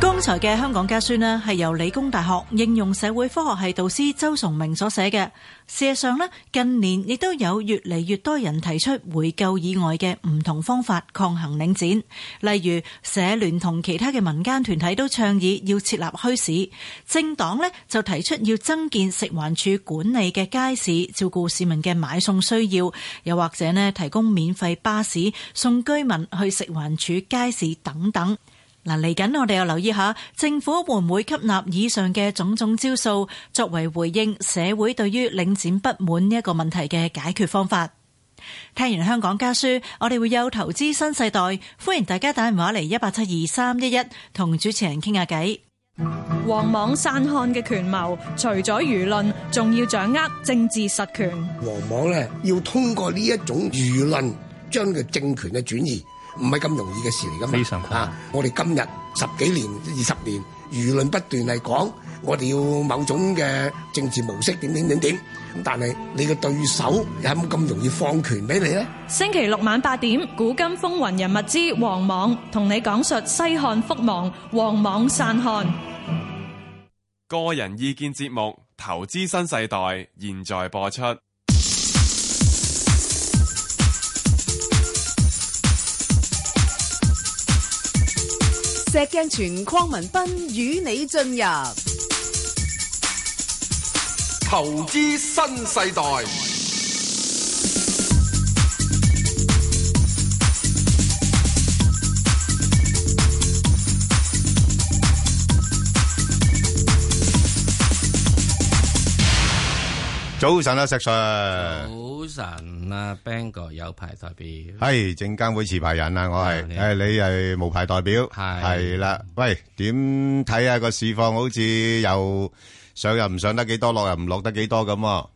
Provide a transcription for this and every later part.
剛才嘅香港家書呢，係由理工大學應用社會科學係導師周崇明所寫嘅。事實上呢，近年亦都有越嚟越多人提出回購以外嘅唔同方法抗衡領展，例如社聯同其他嘅民間團體都倡議要設立墟市，政黨呢就提出要增建食環署管理嘅街市，照顧市民嘅買餸需要，又或者呢提供免費巴士送居民去食環署街市等等。嗱，嚟緊我哋又留意下政府會唔會吸納以上嘅種種招數，作為回應社會對於領展不滿呢一個問題嘅解決方法。聽完香港家書，我哋會有投資新世代，歡迎大家打電話嚟一八七二三一一，同主持人傾下偈。王莽散漢嘅權謀，除咗輿論，仲要掌握政治實權。王莽呢，要通過呢一種輿論，將個政權嘅轉移。唔係咁容易嘅事嚟噶嘛？啊！我哋今日十幾年、二十年，輿論不斷嚟講，我哋要某種嘅政治模式點點點點。咁但係你嘅對手有冇咁容易放權俾你咧？星期六晚八點，《古今風雲人物之王莽》同你講述西漢覆亡，王莽篡漢。個人意見節目《投資新世代》現在播出。石鏡泉、鄺民彬與你進入投資新世代。早晨啊，石 Sir。神啊，Bangor 有牌代表，係證監會持牌人啊，我係，誒你係無牌代表，係係啦，喂，點睇下個市況？好似又上又唔上得幾多，落又唔落得幾多咁。好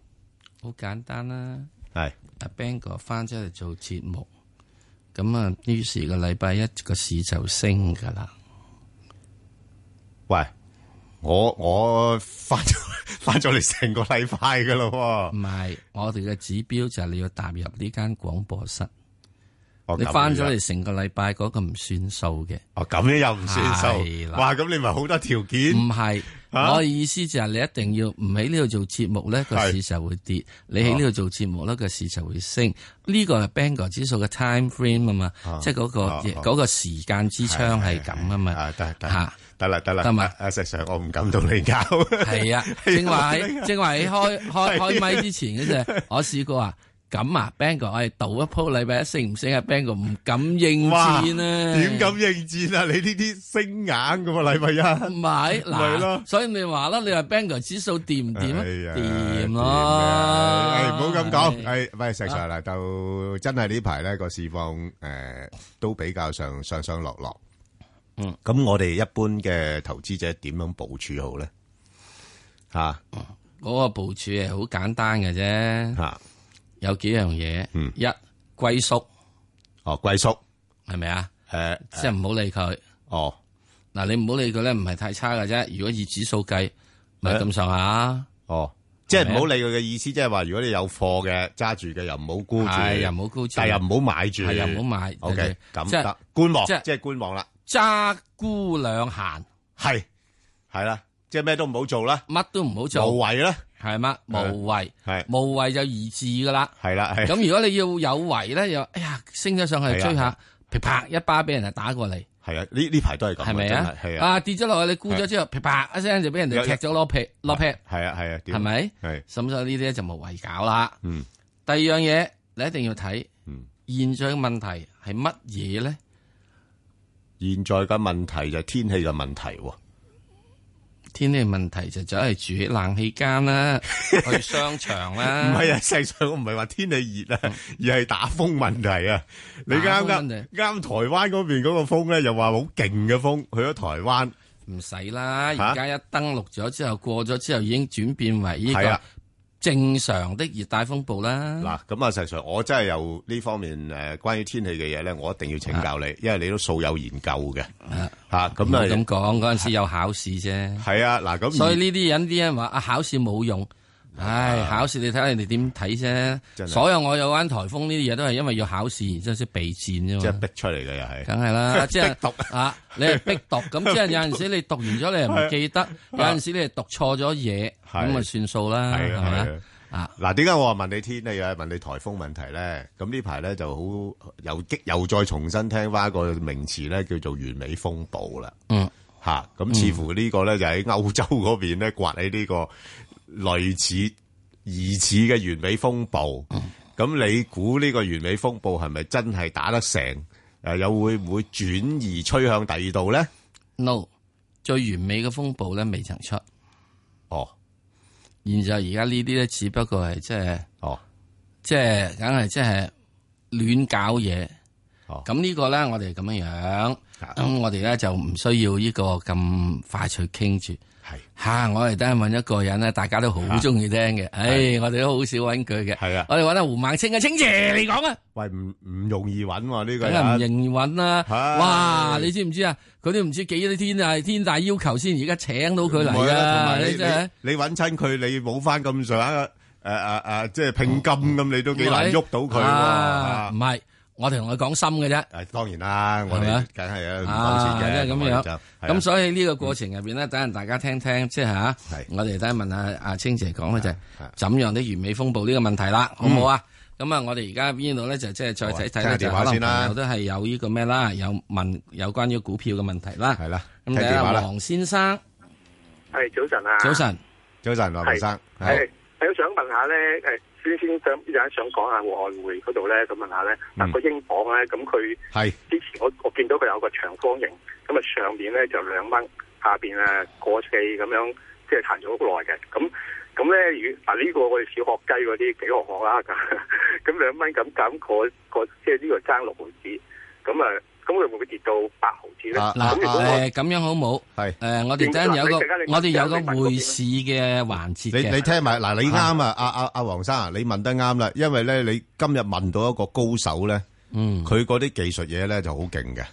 簡單啦，係阿 Bangor 翻出嚟做節目，咁啊，於是個禮拜一個市就升噶啦。喂。我我翻咗翻咗嚟成個禮拜噶咯，唔係，我哋嘅指標就係你要踏入呢間廣播室。你翻咗嚟成個禮拜，嗰個唔算數嘅。哦，咁樣又唔算數。哇，咁你咪好多條件。唔係，我意思就係你一定要唔喺呢度做節目咧，個市就會跌；你喺呢度做節目咧，個市就會升。呢個係 Bengal 指數嘅 time frame 啊嘛，即係嗰個嗰個時間之窗係咁啊嘛。得吓，得啦得啦。得埋，阿石 sir，我唔敢同你搞。係啊，正話喺正話喺開開開麥之前嗰陣，我試過啊。咁啊，Bang 哥，誒，我哋賭一鋪禮拜一升唔升啊？Bang 哥唔敢應戰啊，點敢應戰啊？你呢啲星眼噶嘛，禮拜一唔係嗱，係咯，所以你話啦，你話 Bang 哥指數掂唔掂啊？掂咯，誒，唔好咁講，誒，喂，石 Sir，嗱，到真係呢排咧個市況，誒，都比較上上上落落，嗯，咁我哋一般嘅投資者點樣部署好咧？吓，嗰個部署係好簡單嘅啫，吓。有幾樣嘢，一龜縮。哦，龜縮，係咪啊？誒，即係唔好理佢。哦，嗱你唔好理佢咧，唔係太差嘅啫。如果以指數計，咪咁上下。哦，即係唔好理佢嘅意思，即係話如果你有貨嘅揸住嘅，又唔好沽住，又唔好沽住，但係又唔好買住，又唔好買。O K，咁得觀望，即係觀望啦，揸沽兩閒係係啦，即係咩都唔好做啦，乜都唔好做，無謂啦。係咩無為，係無為就易治噶啦。係啦，咁如果你要有為咧，又哎呀升咗上去追下，啪一巴俾人啊打過嚟。係啊，呢呢排都係咁，係咪啊？係啊，跌咗落去你估咗之後，啪一聲就俾人哋踢咗落撇落撇。係啊係啊，係咪？係，咁所以呢啲就無謂搞啦。嗯，第二樣嘢你一定要睇。嗯，現在嘅問題係乜嘢咧？現在嘅問題就係天氣嘅問題。天氣問題就走嚟住冷氣間啦， 去商場啦。唔係 啊，世上我唔係話天氣熱啊， 而係打風問題啊。你啱啱啱台灣嗰邊嗰個風咧又話好勁嘅風，去咗台灣唔使啦。而家一登陸咗之後，啊、過咗之後已經轉變為依、這個正常的熱帶風暴啦，嗱咁、嗯、啊，石 Sir 我真係有呢方面誒、呃，關於天氣嘅嘢咧，我一定要請教你，啊、因為你都素有研究嘅，嚇咁啊，咁講嗰陣時有考試啫，係啊，嗱咁，嗯、所以呢啲人啲人話啊，考試冇用。唉，考試你睇下人哋點睇啫。所有我有翻台風呢啲嘢，都係因為要考試，然之後先備戰啫。即係逼出嚟嘅又係。梗係啦，即係讀啊，你係逼讀咁，即係有陣時你讀完咗你又唔記得，有陣時你係讀錯咗嘢，咁咪算數啦，係啊，嗱，點解我話問你天呢？又係問你台風問題咧？咁呢排咧就好又激，又再重新聽翻一個名詞咧，叫做完美風暴啦。吓咁似乎呢個咧就喺歐洲嗰邊咧刮起呢個。類似疑似嘅完美風暴，咁、嗯、你估呢個完美風暴係咪真係打得成？誒、呃，又會唔會轉移吹向第二度咧？No，最完美嘅風暴咧未曾出。哦，然之而家呢啲咧，只不過係即係，即係梗係即係亂搞嘢。哦，咁呢個咧，我哋咁樣樣，咁行、嗯、我哋咧就唔需要呢個咁快脆傾住。係吓、啊，我哋等下問一個人咧，大家都好中意聽嘅，唉，我哋都好少揾佢嘅。係啊，哎、的我哋揾阿胡孟清嘅清姐嚟講啊。喂、這個，唔唔容易揾喎呢個，梗係唔容易揾啦。哇，你知唔知啊？佢都唔知幾多天啊，天大要求先而家請到佢嚟啊。同埋你你你揾親佢，你冇翻咁上下誒誒誒，即係、呃呃呃呃、拼金咁，你都幾難喐到佢、啊。啊，唔係。我哋同佢講心嘅啫，誒，當然啦，我哋梗係啦，唔講嘅，咁樣咁，所以呢個過程入邊呢，等陣大家聽聽，即係吓，我哋等下問下阿清姐講嘅就，怎樣啲完美風暴呢個問題啦，好唔好啊？咁啊，我哋而家邊度呢？就即係再睇睇下電話啦，都係有呢個咩啦，有問有關於股票嘅問題啦，係啦，咁睇下王先生，係早晨啊，早晨，早晨，王先生，係，有想問下呢。誒。先先想有一想講下外匯嗰度咧，咁問下咧嗱個英鎊咧，咁佢之前我我見到佢有個長方形，咁啊上面咧就兩蚊，下邊啊個四咁樣，即係彈咗好耐嘅。咁咁咧，嗱呢、這個我哋小學雞嗰啲幾學學啦，咁兩蚊咁減過即係呢個爭六毫子，咁、嗯、啊。咁佢會唔會跌到八毫子咧？嗱，誒咁樣好冇？係誒，我哋一陣有個，我哋有個會試嘅環節嘅。你你聽埋嗱，你啱啊！阿阿阿黃生啊，你問得啱啦，因為咧，你今日問到一個高手咧，嗯，佢嗰啲技術嘢咧就好勁嘅，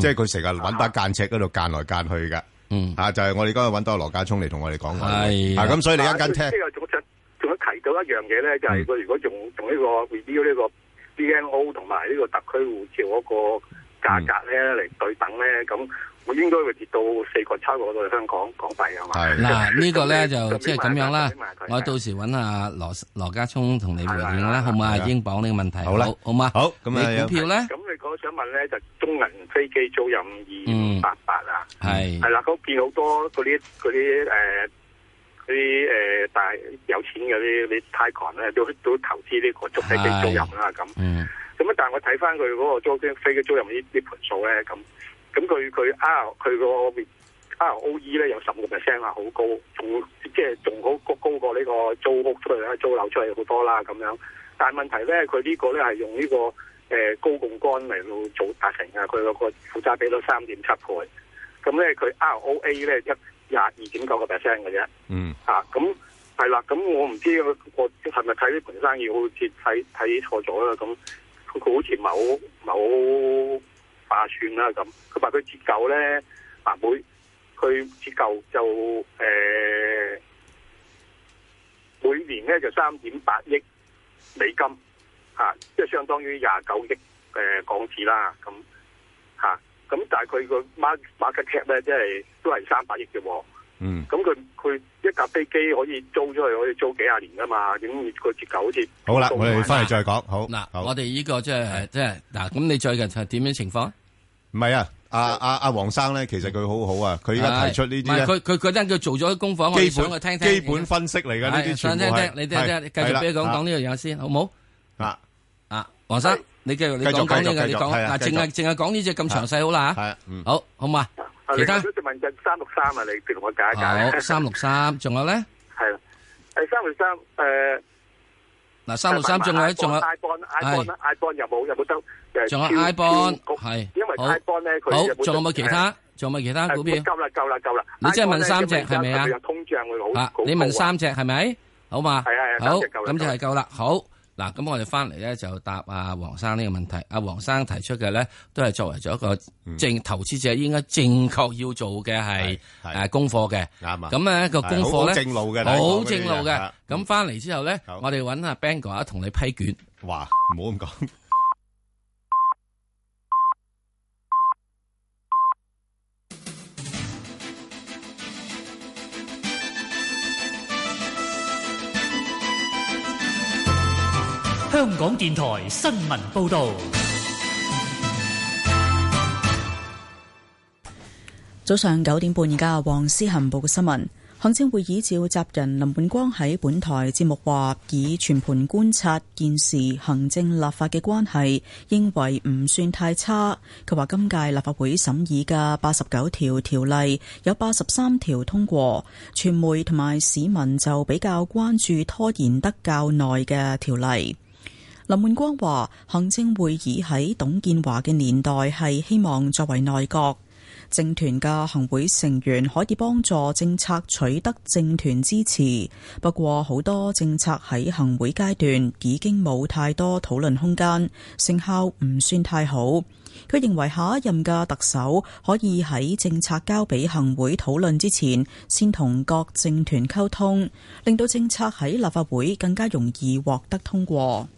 即係佢成日揾把間尺嗰度間來間去嘅，嗯，啊，就係我哋今日揾到羅家聰嚟同我哋講話。係啊，咁所以你一陣聽。即係仲有，仲有提到一樣嘢咧，就係佢如果用用呢個 review 呢個 BNO 同埋呢個特區護照嗰個。價格咧，嚟對等咧，咁我應該會跌到四個差個度香港港幣啊嘛。係嗱，呢個咧就即係咁樣啦。我到時揾阿羅羅家聰同你回應啦，好唔好？嘛？英鎊呢個問題，好啦，好嘛？好，咁你股票咧？咁你講想問咧，就中銀飛機租賃二五八八啊，係係啦，嗰邊好多嗰啲啲誒。啲誒大有錢嘅啲，你太港咧都都投資呢、這個租飛機租賃啦咁。咁 但係我睇翻佢嗰個租飛機嘅租賃盤數呢啲盤數咧，咁咁佢佢啊佢個 R O E 咧有十五 percent 啊，好高，即係仲好高過呢個租屋出去，啊，租樓出去好多啦咁樣。但係問題咧，佢呢個咧係用呢、這個誒、呃、高槓桿嚟到做達成啊。佢個個負債比到三點七倍。咁咧佢 R O A 咧一。廿二點九個 percent 嘅啫，嗯，啊，咁係啦，咁我唔知佢我係咪睇呢盤生意好似睇睇錯咗啦，咁佢好似唔係好划算啦，咁佢話佢折舊咧，啊每佢折舊就誒每年咧就三點八億美金，啊，即係相當於廿九億嘅港紙啦，咁吓。咁但係佢個 market cap 咧，即係都係三百億嘅。嗯，咁佢佢一架飛機可以租出去，可以租幾廿年噶嘛？咁個折舊好似好啦，我哋翻嚟再講。好嗱，我哋呢個即係即係嗱，咁你最近係點樣情況？唔係啊，阿阿阿黃生咧，其實佢好好啊，佢而家提出呢啲，唔佢佢嗰陣做咗功課，我想去聽基本分析嚟噶呢啲全部你聽聽，你聽聽，繼續俾佢講講呢樣嘢先，好唔好？啊啊，黃生。你繼續，你講緊呢個，你講嗱，淨係淨係講呢隻咁詳細好啦吓，好，好嘛？其他，我哋問緊三六三啊，你同我解一解。好，三六三，仲有咧？係啦，誒，三六三，誒，嗱，三六三，仲有，仲有，係。iBond，iBond，iBond 有冇，有冇收？仲有 iBond，係。因為 iBond 咧，佢冇。好，仲有冇其他？仲有冇其他股票？夠啦，夠啦，夠啦。你即係問三隻係咪啊？你問三隻係咪？好嘛？係啊係啊，三隻夠啦。好，咁就係夠啦，好。嗱，咁我哋翻嚟咧就答阿黃生呢個問題。阿黃生提出嘅咧，都係作為咗一個正、嗯、投資者應該正確要做嘅係誒功課嘅。啱啊是！咁咧個功課咧好，好正路嘅，好正路嘅。咁翻嚟之後咧，嗯、我哋揾阿 b a n g 哥啊同你批卷。哇！唔好咁講。 香港電台新聞報道，早上九點半，而家黃思恆報嘅新聞。行政會議召集人林本光喺本台節目話，以全盤觀察現時行政立法嘅關係，認為唔算太差。佢話今屆立法會審議嘅八十九條條例有八十三條通過，傳媒同埋市民就比較關注拖延得較耐嘅條例。林煥光話，行政會議喺董建華嘅年代係希望作為內閣政團嘅行會成員，可以幫助政策取得政團支持。不過，好多政策喺行會階段已經冇太多討論空間，成效唔算太好。佢認為下一任嘅特首可以喺政策交俾行會討論之前，先同各政團溝通，令到政策喺立法會更加容易獲得通過。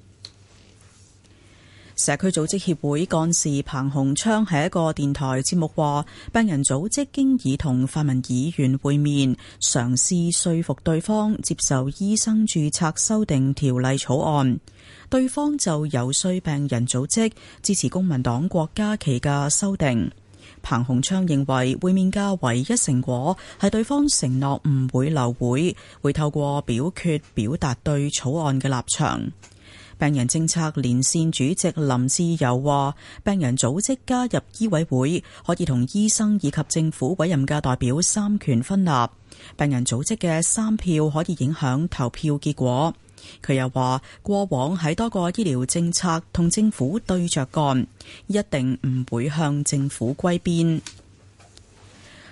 社區組織協會幹事彭洪昌喺一個電台節目話，病人組織經已同泛民議員會面，嘗試說服對方接受醫生註冊修訂條例草案。對方就游說病人組織支持公民黨郭家麒嘅修訂。彭洪昌認為會面嘅唯一成果係對方承諾唔會流會，會透過表決表達對草案嘅立場。病人政策連線主席林志友話，病人組織加入醫委會，可以同醫生以及政府委任嘅代表三權分立。病人組織嘅三票可以影響投票結果。佢又話，過往喺多個醫療政策同政府對着幹，一定唔會向政府歸邊。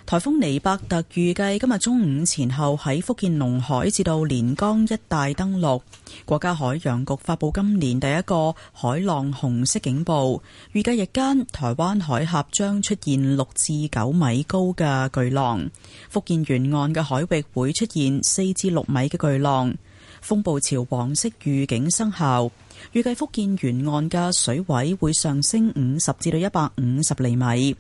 台風尼伯特預計今日中午前後喺福建龍海至到連江一帶登陸。國家海洋局發布今年第一個海浪紅色警報，預計日間台灣海峽將出現六至九米高嘅巨浪，福建沿岸嘅海域會出現四至六米嘅巨浪。風暴潮黃色預警生效，預計福建沿岸嘅水位會上升五十至到一百五十厘米。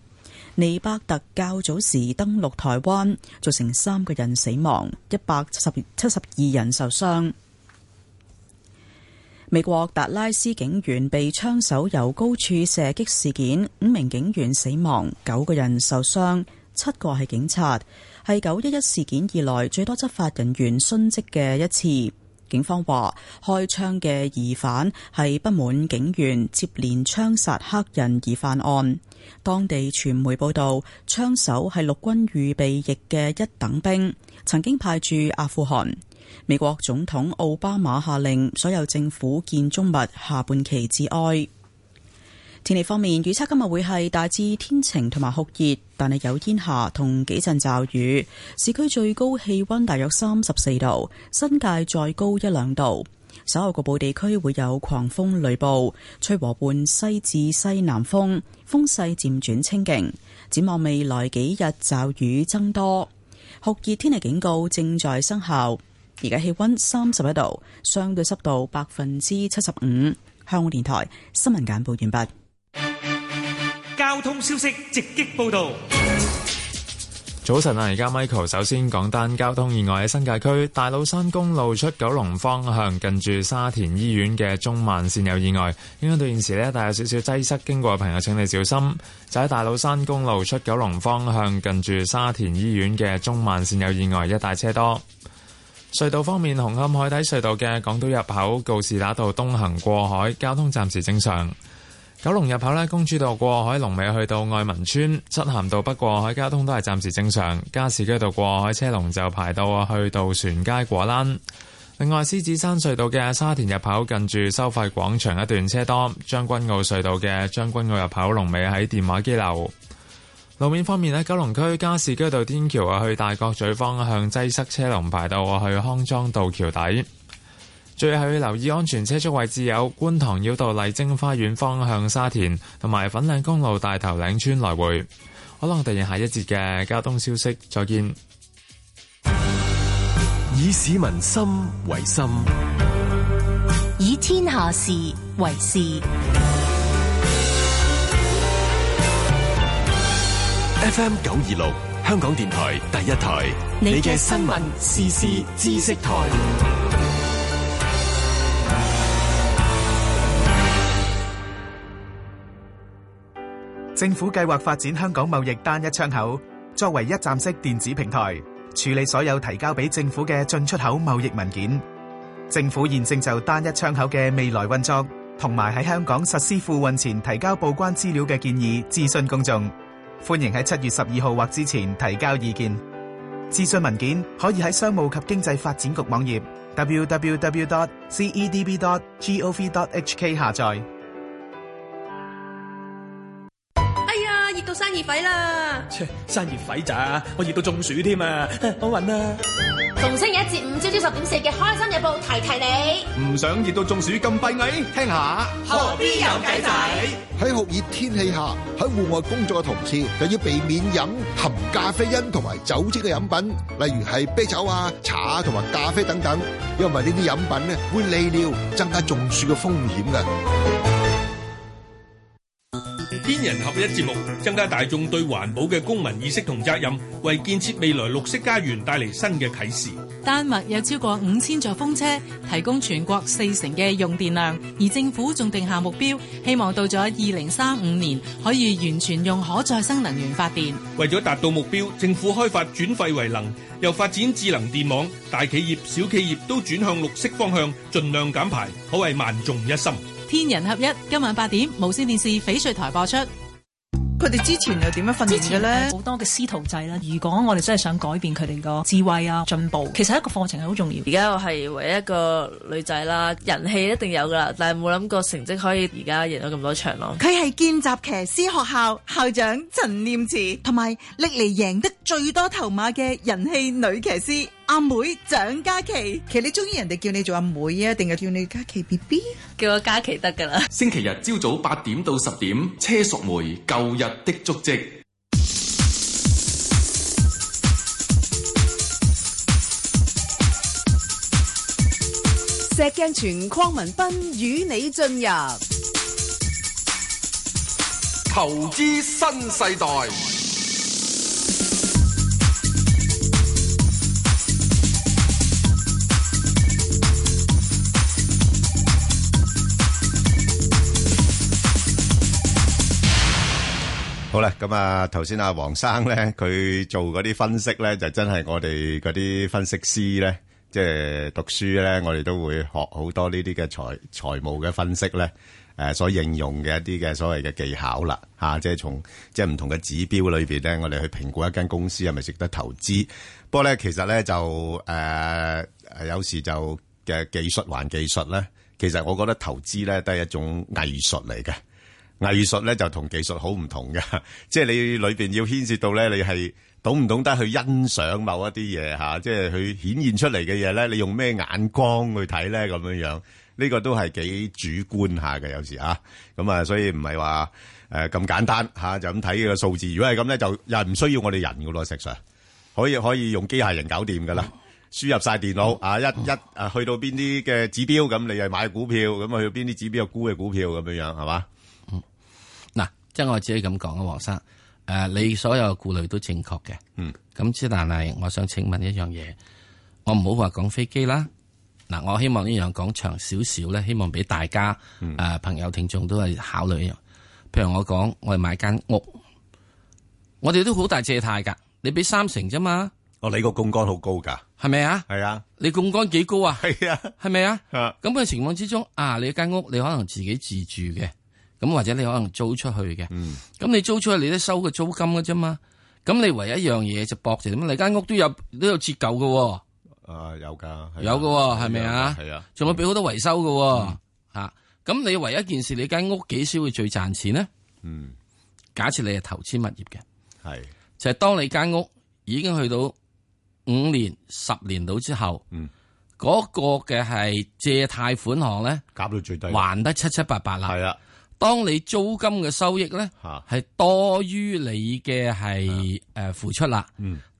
尼伯特較早時登陸台灣，造成三個人死亡，一百七十七十二人受傷。美國達拉斯警員被槍手由高處射擊事件，五名警員死亡，九個人受傷，七個係警察，係九一一事件以來最多執法人員殉職嘅一次。警方話，開槍嘅疑犯係不滿警員接連槍殺黑人而犯案。當地傳媒報道，槍手係陸軍預備役嘅一等兵，曾經派駐阿富汗。美國總統奧巴馬下令所有政府建築物下半旗致哀。天氣方面，預測今日會係大致天晴同埋酷熱，但係有煙霞同幾陣驟雨。市區最高氣溫大約三十四度，新界再高一兩度。稍後局部地區會有狂風雷暴，吹和緩西至西南風，風勢漸轉清勁。展望未來幾日驟雨增多，酷熱天氣警告正在生效。而家氣溫三十一度，相對濕度百分之七十五。香港電台新聞簡報完畢。交通消息直擊報道。早晨啊，而家 Michael 首先講單交通意外，喺新界區大老山公路出九龍方向近住沙田醫院嘅中慢線有意外，應該到現時呢，帶有少少擠塞，經過嘅朋友請你小心。就喺大老山公路出九龍方向近住沙田醫院嘅中慢線有意外，一帶車多。隧道方面，紅磡海底隧道嘅港島入口告士打道東行過海交通暫時正常。九龍入口呢，公主道過海龍尾去到愛民村，漆咸道北過海交通都係暫時正常。加士居道過海車龍就排到啊去到船街果欄。另外，獅子山隧道嘅沙田入口近住收費廣場一段車多。將軍澳隧道嘅將軍澳入口龍尾喺電話機樓。路面方面呢，九龍區加士居道天橋啊，去大角咀方向擠塞車龍排到啊去康莊道橋底。最後要留意安全車速位置，有觀塘繞道麗晶花園方向、沙田同埋粉嶺公路大頭嶺村來回。可能我哋下一節嘅交通消息再見。以市民心為心，以天下事為事。F M 九二六香港電台第一台，你嘅新聞、時事、知識台。政府計劃發展香港貿易單一窗口，作為一站式電子平台，處理所有提交俾政府嘅進出口貿易文件。政府現正就單一窗口嘅未來運作，同埋喺香港實施赴運前提交報關資料嘅建議，諮詢公眾。歡迎喺七月十二號或之前提交意見。諮詢文件可以喺商務及經濟發展局網頁 www.cedb.gov.hk 下載。到生熱痱啦，生熱痱咋？我熱到中暑添啊！我暈啊！逢星期一至五朝朝十點四嘅《開心日報》，提提你。唔想熱到中暑咁閉翳，聽下。何必有計仔？喺酷熱天氣下，喺戶外工作嘅同事就要避免飲含咖啡因同埋酒精嘅飲品，例如係啤酒啊、茶同埋咖啡等等，因為呢啲飲品咧會利尿，增加中暑嘅風險㗎。天人合一節目，增加大眾對環保嘅公民意識同責任，為建設未來綠色家園帶嚟新嘅啟示。丹麥有超過五千座風車，提供全國四成嘅用電量，而政府仲定下目標，希望到咗二零三五年可以完全用可再生能源發電。為咗達到目標，政府開發轉廢為能，又發展智能電網，大企業、小企業都轉向綠色方向，盡量減排，可謂萬眾一心。天人合一，今晚八點無綫電視翡翠台播出。佢哋之前又點樣訓練嘅咧？好多嘅師徒制啦。如果我哋真係想改變佢哋個智慧啊、進步，其實一個課程係好重要。而家我係唯一一個女仔啦，人氣一定有噶啦，但係冇諗過成績可以而家贏咗咁多場咯。佢係見習騎師學校校長陳念慈，同埋歷嚟贏得。最多頭馬嘅人氣女騎師阿妹蔣嘉琪，其實你中意人哋叫你做阿妹啊，定係叫你嘉琪 BB？叫我嘉琪得噶啦。星期日朝早八點到十點，車淑梅舊日的足跡，石鏡泉鄺民彬與你進入投資新世代。好啦，咁啊，頭先阿黃生咧，佢做嗰啲分析咧，就真係我哋嗰啲分析師咧，即係讀書咧，我哋都會學好多呢啲嘅財財務嘅分析咧，誒，所應用嘅一啲嘅所謂嘅技巧啦，吓，即係從即係唔同嘅指標裏邊咧，我哋去評估一間公司係咪值得投資。不過咧，其實咧就誒，有時就嘅技術還技術咧，其實我覺得投資咧都係一種藝術嚟嘅。藝術咧就同技術好唔同嘅，即係你裏邊要牽涉到咧，你係懂唔懂得去欣賞某一啲嘢吓，即係佢顯現出嚟嘅嘢咧，你用咩眼光去睇咧咁樣樣？呢、這個都係幾主觀下嘅有時啊，咁啊，所以唔係話誒咁簡單吓，啊，就咁睇個數字。如果係咁咧，就又唔需要我哋人噶咯，石 Sir 可以可以用機械人搞掂噶啦，輸入晒電腦，嗯、啊，一一啊、嗯、去到邊啲嘅指標咁，你係買股票咁去到邊啲指標沽嘅股票咁樣樣係嘛？即係我自己咁講啊，黃生，誒、呃，你所有顧慮都正確嘅。嗯。咁之但係，我想請問一樣嘢，我唔好話講飛機啦。嗱，我希望呢樣講長少少咧，希望俾大家誒、呃、朋友聽眾都係考慮一樣。譬如我講，我哋買間屋，我哋都好大借貸噶，你俾三成啫嘛。哦，你個槓桿好高噶，係咪啊？係啊。你槓桿幾高啊？係啊。係咪啊？啊。咁嘅情況之中，啊，你間屋你可能自己自住嘅。咁或者你可能租出去嘅，咁你租出去你都收個租金嘅啫嘛。咁你唯一一樣嘢就搏住點你間屋都有都有折舊嘅，啊有噶有噶係咪啊？係啊，仲有俾好多維修噶吓。咁你唯一件事，你間屋幾少會最賺錢呢？嗯，假設你係投資物業嘅，係就係當你間屋已經去到五年、十年到之後，嗰個嘅係借貸款項咧，夾到最低，還得七七八八啦，係啦。當你租金嘅收益咧，係多於你嘅係誒付出啦，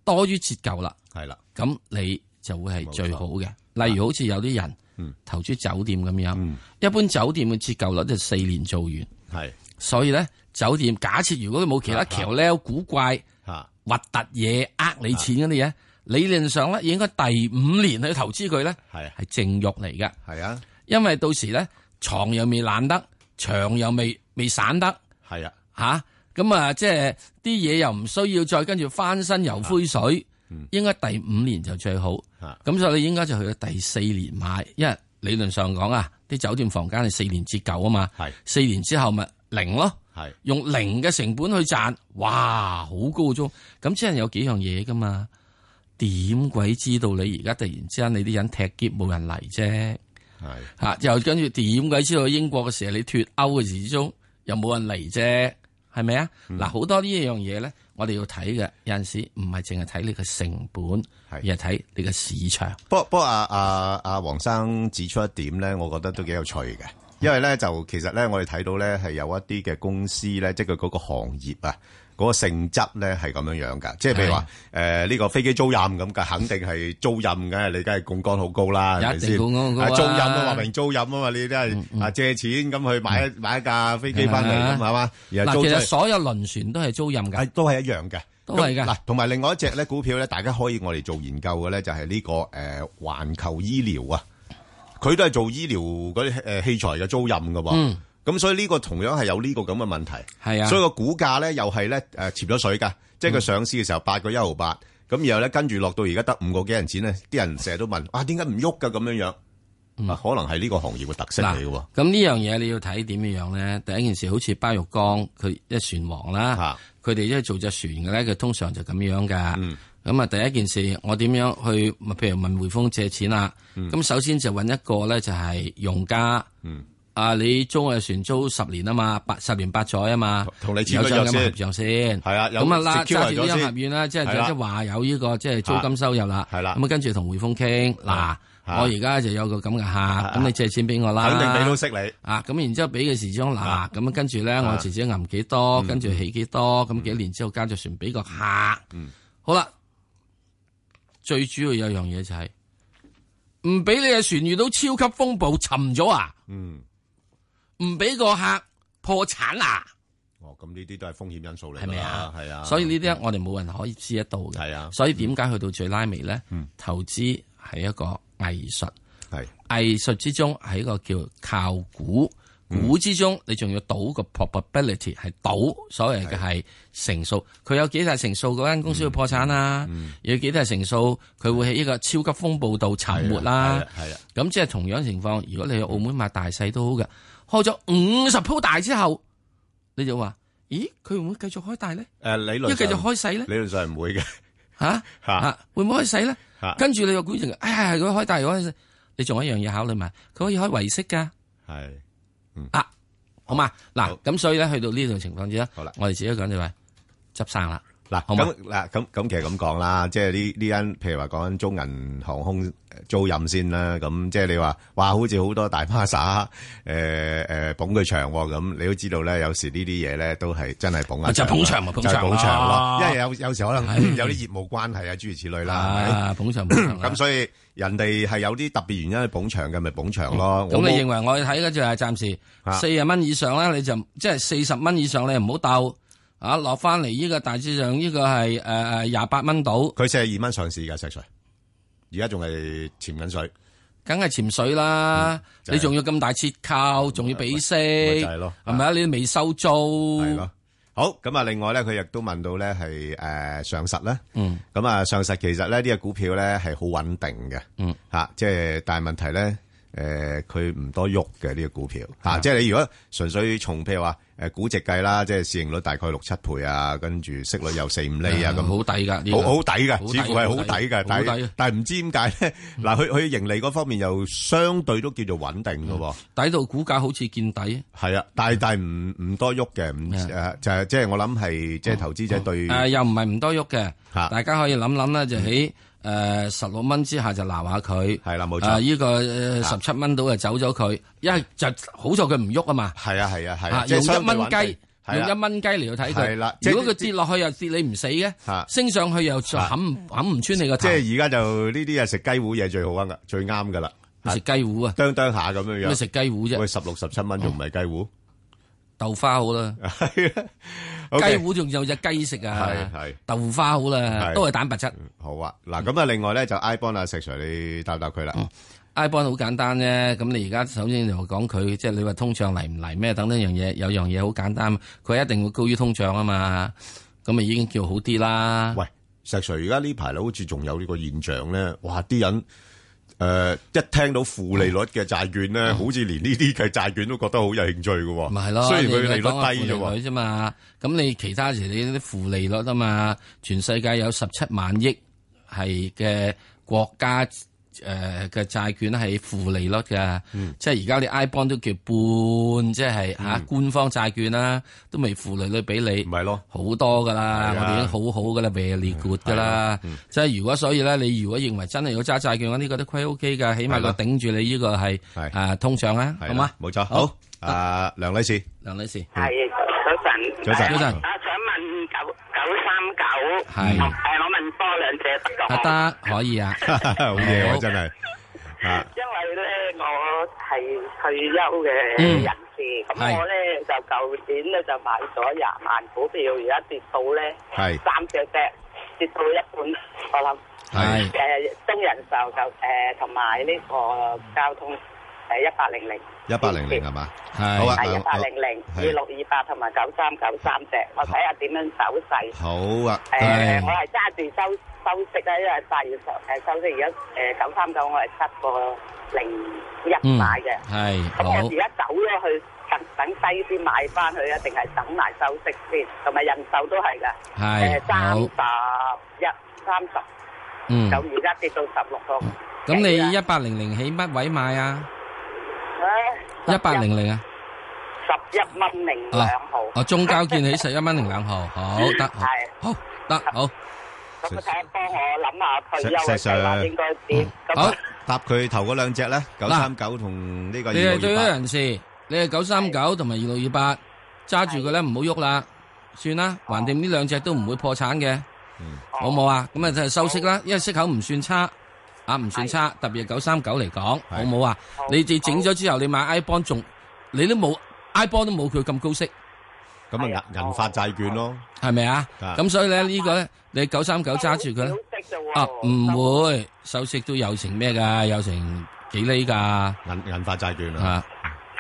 多於折舊啦，係啦，咁你就會係最好嘅。例如好似有啲人投資酒店咁樣，一般酒店嘅折舊率就係四年做完，係所以咧酒店假設如果冇其他橋好古怪核突嘢呃你錢嗰啲嘢，理論上咧應該第五年去投資佢咧係係淨入嚟嘅係啊，因為到時咧床又未爛得。長又未未散得，係啊，吓咁啊，即係啲嘢，又唔需要再跟住翻身油灰水，啊嗯、應該第五年就最好，咁、啊、所以你應該就去到第四年買，因為理論上講啊，啲酒店房間係四年折舊啊嘛，四年之後咪零咯，啊、用零嘅成本去賺，哇，好高宗，咁、啊、即係有幾樣嘢噶嘛，點鬼知道你而家突然之間你啲人踢劫冇人嚟啫。係吓，又跟住點解知道英國嘅時候你脱歐嘅始終又冇人嚟啫？係咪啊？嗱、嗯，好多呢一樣嘢咧，我哋要睇嘅有陣時唔係淨係睇你嘅成本，是的 而係睇你嘅市場。不過不過阿阿阿黃生指出一點咧，我覺得都幾有趣嘅，因為咧就其實咧我哋睇到咧係有一啲嘅公司咧，即係佢嗰個行業啊。嗰個性質咧係咁樣樣噶，即係譬如話誒呢個飛機租賃咁嘅，肯定係租賃嘅。你梗係槓桿好高啦，係咪先？啊，租賃啊，話明租賃啊嘛，你都係啊借錢咁去買一買一架飛機翻嚟咁係嘛？嗱，其實所有輪船都係租賃嘅，都係一樣嘅，都係嘅。嗱，同埋另外一隻咧股票咧，大家可以我哋做研究嘅咧，就係呢個誒環球醫療啊，佢都係做醫療嗰啲誒器材嘅租賃嘅喎。咁所以呢個同樣係有呢個咁嘅問題，係啊，所以個股價咧又係咧誒，潛咗水噶，即係佢上市嘅時候八個一毫八，咁然後咧跟住落到而家得五個幾人錢咧，啲人成日都問，啊點解唔喐噶咁樣樣？嗯、啊，可能係呢個行業嘅特色嚟嘅。咁呢樣嘢你要睇點樣樣咧？第一件事好似包玉剛佢一船王啦，佢哋即係做隻船嘅咧，佢通常就咁樣噶。咁啊、嗯，第一件事我點樣去？譬如問匯豐借錢啦、啊，咁、嗯、首先就揾一個咧就係用家。嗯嗯啊！你租我嘅船租十年啊嘛，八十年八載啊嘛，同你照合照先。係啊，咁啊啦，揸住張合院啦，即係即話有呢個即係租金收入啦。係啦。咁啊，跟住同匯豐傾嗱，我而家就有個咁嘅客，咁你借錢俾我啦。肯定俾到識你。啊，咁然之後俾嘅時鐘嗱，咁跟住咧，我自己揞幾多，跟住起幾多，咁幾年之後加隻船俾個客。好啦，最主要有樣嘢就係唔俾你嘅船遇到超級風暴沉咗啊！嗯。唔俾個客破產啦！哦，咁呢啲都係風險因素嚟，係咪啊？係啊，所以呢啲我哋冇人可以知得到嘅。係啊，所以點解去到最拉尾咧？投資係一個藝術，係藝術之中係一個叫靠估，估之中你仲要賭個 probability，係賭所謂嘅係成數，佢有幾大成數嗰間公司會破產啊？有幾大成數佢會喺呢個超級風暴度沉沒啦？係啊，咁即係同樣情況，如果你去澳門買大細都好嘅。開咗五十鋪大之後，你就話：咦，佢會唔會繼續開大咧？誒、呃，理論上，一繼續開細咧，理論上係唔會嘅，吓 吓、啊啊，會唔會開細咧？啊、跟住你個觀眾，哎，如果開大，如果開細，你仲有一樣嘢考慮埋，佢可以開維式噶。係，嗯，啊，好嘛，嗱，咁所以咧，去到呢種情況之下，好啦，我哋自己講就係執生啦。嗱咁嗱咁咁，其實咁講啦，即係呢呢間，譬如話講緊中銀航空租賃先啦，咁即係你話，哇，好似好多大孖沙啊，誒誒捧佢場喎，咁你都知道咧，有時呢啲嘢咧都係真係捧場啊，就捧場嘛，捧場，因為有有時可能有啲業務關係啊，諸如此類啦，捧場，咁所以人哋係有啲特別原因去捧場嘅，咪捧場咯。咁你認為我哋睇緊就係暫時四十蚊以上咧，你就即係四十蚊以上，你唔好鬥。啊，落翻嚟呢個大致上呢、呢個係誒誒廿八蚊到，佢四十二蚊上市噶，石水而家仲係潛緊水，梗係潛水啦。嗯，就是、你仲要咁大切靠，仲、嗯、要俾息，嗯、就係、是、咯，係咪啊？你未收租，係、啊、咯。好，咁啊，另外咧，佢亦都問到咧係誒上實咧，嗯，咁啊上實其實咧呢、呢個股票咧係好穩定嘅，嗯，吓、啊，即係但係問題咧。誒，佢唔多喐嘅呢個股票，啊，即係你如果純粹從譬如話誒估值計啦，即係市盈率大概六七倍啊，跟住息率又四五厘啊，咁好抵噶，好好抵噶，似乎係好抵噶，但係但係唔知點解咧？嗱，佢佢盈利嗰方面又相對都叫做穩定噶，抵到股價好似見底，係啊，但係但唔唔多喐嘅，唔誒就係即係我諗係即係投資者對誒又唔係唔多喐嘅，大家可以諗諗啦，就喺誒十六蚊之下就鬧下佢。係啦，冇錯。依個十七蚊到就走咗佢，因為就好在佢唔喐啊嘛。係啊，係啊，係用一蚊雞，用一蚊雞嚟去睇佢。係啦。如果佢跌落去又跌你唔死嘅，升上去又冚冚唔穿你個頭。即係而家就呢啲啊食雞糊嘢最好啊，最啱㗎啦！食雞糊啊，噠噠下咁樣樣。食雞糊啫。喂，十六十七蚊仲唔係雞糊？豆花好啦。雞糊仲有隻雞食啊，係係 是豆腐花好啦，是都係蛋白質，嗯。好啊，嗱咁啊，另外咧就 iBond 啊，石 Sir 你答答佢啦，嗯。iBond 好簡單啫，啊，咁你而家首先就講佢，即係你話通脹嚟唔嚟咩？等等樣嘢，有樣嘢好簡單，佢一定會高於通脹啊嘛。咁啊已經叫好啲啦。喂，石 Sir 而家呢排咧好似仲有呢個現象咧，哇啲人。誒、呃，一聽到負利率嘅債券咧，嗯、好似連呢啲嘅債券都覺得好有興趣嘅喎。咪係咯，雖然佢利率低啫喎，咁你其他時你啲負利率啊嘛，全世界有十七萬億係嘅國家。誒嘅債券係負利率㗎，即係而家你 I bond 都叫半，即係嚇官方債券啦，都未負利率俾你，咪咯，好多㗎啦。我哋已經好好㗎啦 very good 㗎啦。即係如果所以咧，你如果認為真係要揸債券嘅話呢個都虧 O K 㗎，起碼佢頂住你呢個係係啊通脹啦，好嗎？冇錯，好啊，梁女士，梁女士，係，早晨，早晨，早晨。咁係係，我問多兩隻得唔得？得可以啊，好嘢啊，真係。因為咧，我係退休嘅人士，咁我咧就舊年咧就買咗廿萬股票，而家跌到咧係三隻隻跌到一半，我諗係誒中人壽就誒同埋呢個交通。誒，一百零零，一百零零係嘛？係，係一百零零，二六二八同埋九三九三隻，我睇下點樣走勢。好啊，誒，我係揸住收收息啦，因為八月十誒收息而家誒九三九我係七個零一買嘅，係，咁我而家走咗去等等低先買翻佢啊，定係等埋收息先，同埋人手都係噶，係三十一三十，嗯，由二一跌到十六個，咁你一百零零喺乜位買啊？一八零零啊，十一蚊零兩毫，我中交建起十一蚊零兩毫，好得，係，好得好。咁睇下幫我諗下退休嘅事啦，應該點？好，搭佢頭嗰兩隻咧，九三九同呢個二六二八。你哋退休人士，你哋九三九同埋二六二八，揸住佢咧，唔好喐啦，算啦，橫掂呢兩隻都唔會破產嘅，好唔好啊？咁啊就係收息啦，因為息口唔算差。啊，唔算差，特別係九三九嚟講，好唔好啊？你哋整咗之後，你買 iBond 仲，你都冇 iBond 都冇佢咁高息，咁啊銀銀發債券咯，係咪啊？咁所以咧呢個咧，你九三九揸住佢，啊唔會收息都有成咩㗎？有成幾厘㗎銀銀發債券啊？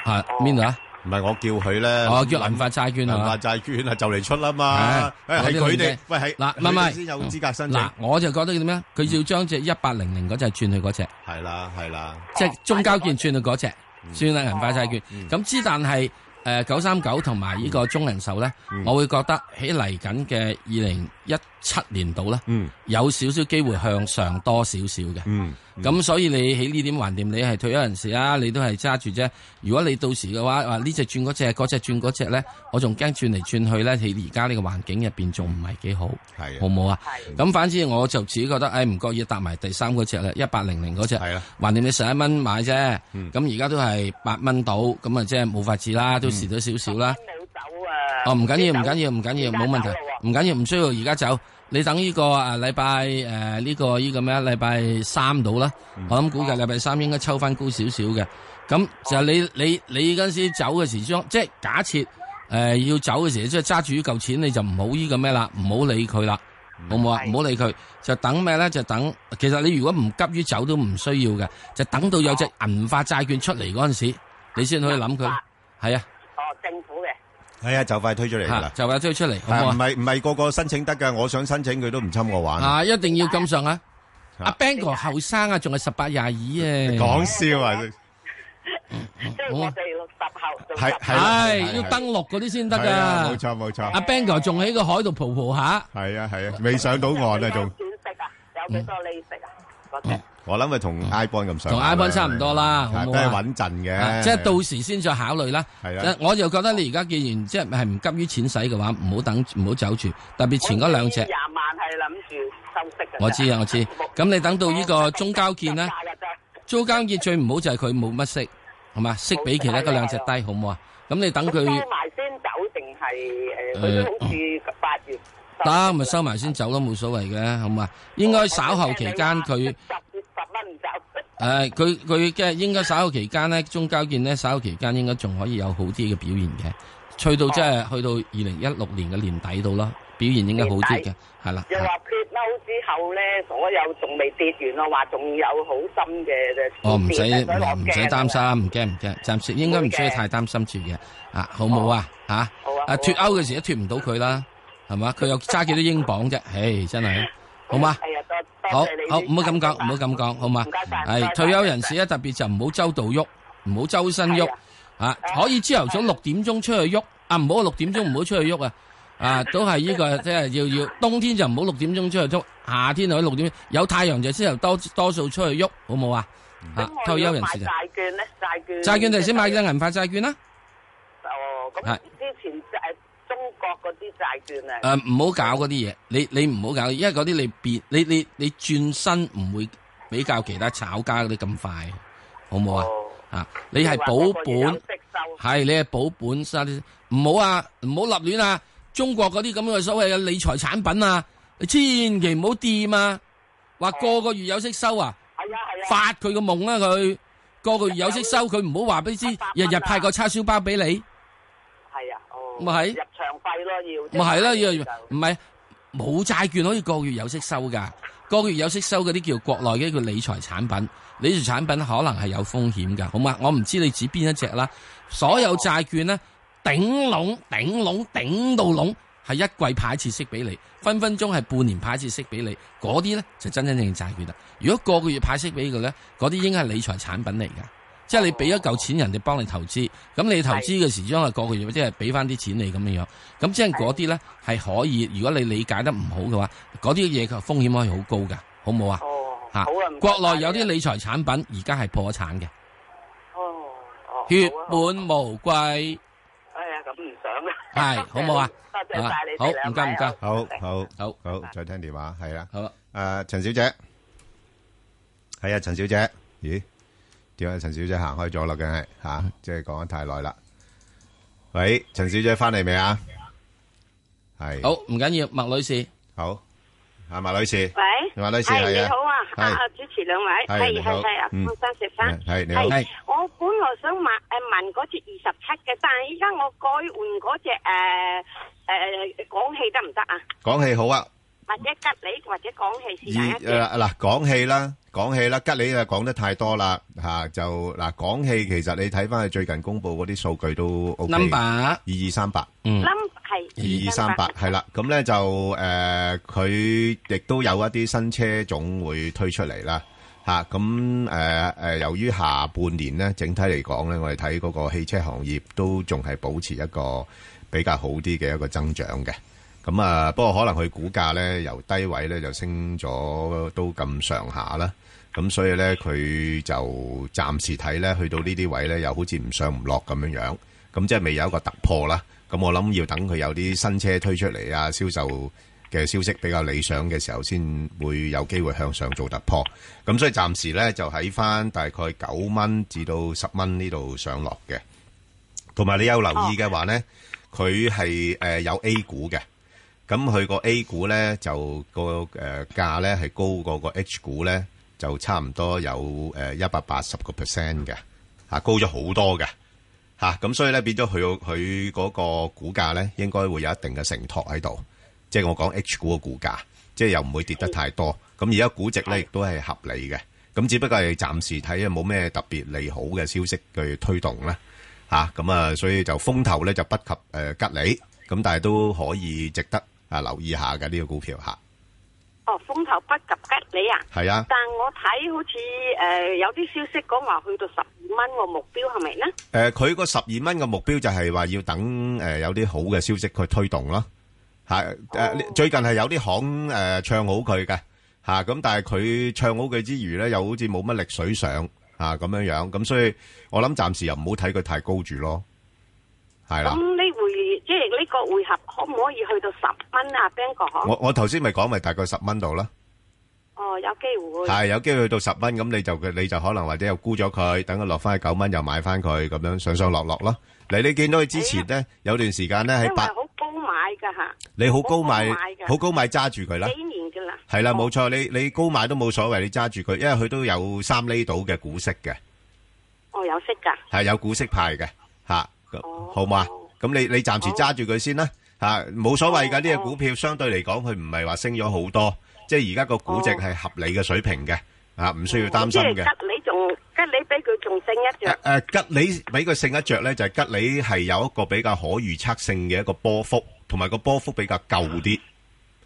啊邊度啊？唔係我叫佢咧，我叫銀髮債券啊！銀髮債券啊，就嚟出啦嘛，係佢哋，喂係嗱，唔係唔係先有資格申。嗱，我就覺得點咩佢要將隻一八零零嗰隻轉去嗰隻，係啦係啦，即係中交建轉去嗰隻，算啦銀髮債券。咁之但係誒九三九同埋呢個中零售咧，我會覺得喺嚟緊嘅二零一七年度咧，有少少機會向上多少少嘅。咁所以你喺呢點還掂？你係退休人士啊，你都係揸住啫。如果你到時嘅話，話呢隻轉嗰隻，嗰隻轉嗰隻咧，我仲驚轉嚟轉去咧。喺而家呢個環境入邊，仲唔係幾好，係好唔好啊？咁反正，我就自己覺得，哎，唔覺意搭埋第三嗰隻啦，一百零零嗰隻，還掂你十一蚊買啫。咁而家都係八蚊到，咁啊，即係冇法子啦，都蝕咗少少啦。你好走啊！哦，唔緊要，唔緊要，唔緊要，冇問題，唔緊要，唔需要而家走。你等呢個啊禮拜誒呢、呃這個依、這個咩啊禮拜三到啦，嗯、我諗估計禮拜三應該抽翻高少少嘅。咁、嗯嗯、就你你你嗰陣時走嘅時將，即係假設誒、呃、要走嘅時候，即係揸住呢嚿錢，你就唔好依個咩啦，唔好理佢啦，好唔好啊？唔好的理佢，就等咩咧？就等，其實你如果唔急於走都唔需要嘅，就等到有隻銀髮債券出嚟嗰陣時，你先可以諗佢。係啊。哦，政府。係啊，就快推出嚟啦！就快推出出嚟，唔係唔係個個申請得噶，我想申請佢都唔侵我玩。啊，一定要咁上啊！阿 Bang 哥後生啊，仲係十八廿二啊！講笑啊！即係我哋六十後，係係要登陸嗰啲先得噶。冇錯冇錯，阿 Bang 哥仲喺個海度蒲蒲下。係啊係啊，未上到岸啊仲。我諗佢同 iBond 咁上，同 iBond 差唔多啦，都係穩陣嘅。即係到時先再考慮啦。係啦，我就覺得你而家既然即係係唔急於錢使嘅話，唔好等，唔好走住。特別前嗰兩隻廿萬係諗住收息嘅。我知啊，我知。咁你等到呢個中交建呢，中交建最唔好就係佢冇乜息，係嘛？息比其他嗰兩隻低，好唔好啊？咁你等佢埋先走，定係誒？佢好似八月得咪收埋先走咯，冇所謂嘅，係嘛？應該稍後期間佢。誒、啊，佢佢即係應該稍後期間呢，中交建呢，稍後期間應該仲可以有好啲嘅表現嘅，到去到即係去到二零一六年嘅年底度啦，表現應該好啲嘅，係啦。又話脫歐之後咧，所有仲未跌完啊，話仲有好深嘅。哦、我唔使唔使擔心，唔驚唔驚，暫時應該唔需要太擔心住嘅。啊，好冇啊？吓、啊，好啊，好啊，啊脫歐嘅時都脫唔到佢啦，係嘛？佢又揸幾多英鎊啫？唉，真係，好嘛？哎好好唔好咁講，唔好咁講，好嘛？係謝是退休人士咧，特別就唔好周度喐，唔好周身喐啊！啊可以朝頭早六點鐘出去喐啊！唔好六點鐘，唔好出去喐啊！ 啊，都係呢、這個即係要要，冬天就唔好六點鐘出去喐，夏天就係六點有太陽就先後多多數出去喐，好冇啊？吓，退休人士就，債券債券債就先買啲銀發債券啦。哦，係。嗰啲債券啊！誒，唔好搞嗰啲嘢，你你唔好搞，因為嗰啲你別，你你你轉身唔會比較其他炒家嗰啲咁快，好唔好啊？啊，你係保本，係你係保本，身唔好啊，唔好立亂啊！中國嗰啲咁嘅所謂嘅理財產品啊，你千祈唔好掂啊！話個個月有息收啊，發佢個夢啊佢，個個月有息收，佢唔好話俾你知，日日派個叉燒包俾你，係啊，哦，咪係。咪係咯，要唔係冇債券可以個月有息收噶，個月有息收嗰啲叫國內嘅一叫理財產品，理財產品可能係有風險噶，好嘛？我唔知你指邊一隻啦。所有債券呢，頂籠頂籠頂到籠，係一季派一次息俾你，分分鐘係半年派一次息俾你，嗰啲呢，就真真正正債券啦。如果個個月派息俾佢呢，嗰啲應該係理財產品嚟噶。即係你俾一嚿錢人哋幫你投資，咁你投資嘅時將係個個月，即係俾翻啲錢你咁樣樣，咁即係嗰啲咧係可以。如果你理解得唔好嘅話，嗰啲嘢嘅風險可以好高噶，好唔好啊？吓，國內有啲理財產品而家係破咗產嘅，血本無歸。哎呀，咁唔想啊？係，好唔好啊？多謝晒你好唔該，唔該，好好好好，再聽電話，係啦。好，誒，陳小姐，係啊，陳小姐，咦？點解陳小姐行開咗啦？梗係吓，即係講得太耐啦。喂，陳小姐翻嚟未啊？係。好，唔緊要，麥女士，好係麥女士。喂，麥女士係，你好啊。係啊，主持兩位係係係啊，先生先生係係。我本來想問誒問嗰隻二十七嘅，但係依家我改換嗰隻誒誒講戲，得唔得啊？講戲，好啊。或者吉利或者廣汽先啦。誒，嗱，廣汽啦，廣汽啦，吉利啊，講得太多啦，吓就嗱，廣汽其實你睇返佢最近公布嗰啲數據都 O K。number 二二三八，嗯，number 係二二三八，係啦，咁咧就誒，佢亦都有一啲新車總會推出嚟啦，吓咁誒誒，由於下半年咧整體嚟講咧，我哋睇嗰個汽車行業都仲係保持一個比較好啲嘅一個增長嘅。咁啊，不過可能佢股價呢由低位呢就升咗都咁上下啦，咁所以呢佢就暫時睇呢去到呢啲位呢又好似唔上唔落咁樣樣，咁即係未有一個突破啦。咁我諗要等佢有啲新車推出嚟啊，銷售嘅消息比較理想嘅時候，先會有機會向上做突破。咁所以暫時呢就喺翻大概九蚊至到十蚊呢度上落嘅，同埋你有留意嘅話呢，佢係誒有 A 股嘅。咁佢個 A 股咧就個誒價咧係高過個 H 股咧，就差唔多有誒一百八十個 percent 嘅，嚇高咗好多嘅嚇。咁所以咧變咗佢佢嗰個股價咧應該會有一定嘅承托喺度，即係我講 H 股嘅股價，即係又唔會跌得太多。咁而家估值咧亦都係合理嘅，咁只不過係暫時睇啊冇咩特別利好嘅消息去推動啦嚇。咁啊，所以就風頭咧就不及誒吉利，咁但係都可以值得。啊，留意下嘅呢個股票吓。啊、哦，風頭不及吉你啊。係啊。但我睇好似誒、呃，有啲消息講話去到十二蚊個目標係咪呢？誒、呃，佢個十二蚊嘅目標就係話要等誒、呃、有啲好嘅消息去推動咯。係、啊、誒，哦、最近係有啲行誒、呃、唱好佢嘅吓，咁、啊、但係佢唱好佢之餘咧，又好似冇乜力水上吓咁樣樣。咁、啊、所以我諗暫時又唔好睇佢太高住咯。係啦，咁呢回即係呢個回合可唔可以去到十蚊啊？Ben 哥，我我頭先咪講咪大概十蚊度咯。哦，有機會。係有機會去到十蚊，咁你就佢你就可能或者又沽咗佢，等佢落翻去九蚊又買翻佢，咁樣上上落落咯。嚟，你見到佢之前咧，有段時間咧喺八好高買噶吓，你好高買，好高買揸住佢啦，幾年噶啦，係啦，冇錯，你你高買都冇所謂，你揸住佢，因為佢都有三厘度嘅股息嘅。哦，有息噶。係有股息派嘅。好嘛？咁你你暫時揸住佢先啦，吓冇所謂噶。呢隻股票相對嚟講，佢唔係話升咗好多，即係而家個估值係合理嘅水平嘅，啊唔需要擔心嘅。即係吉利仲吉利比佢仲升一著。誒，吉利比佢升一著咧，就係吉利係有一個比較可預測性嘅一個波幅，同埋個波幅比較舊啲，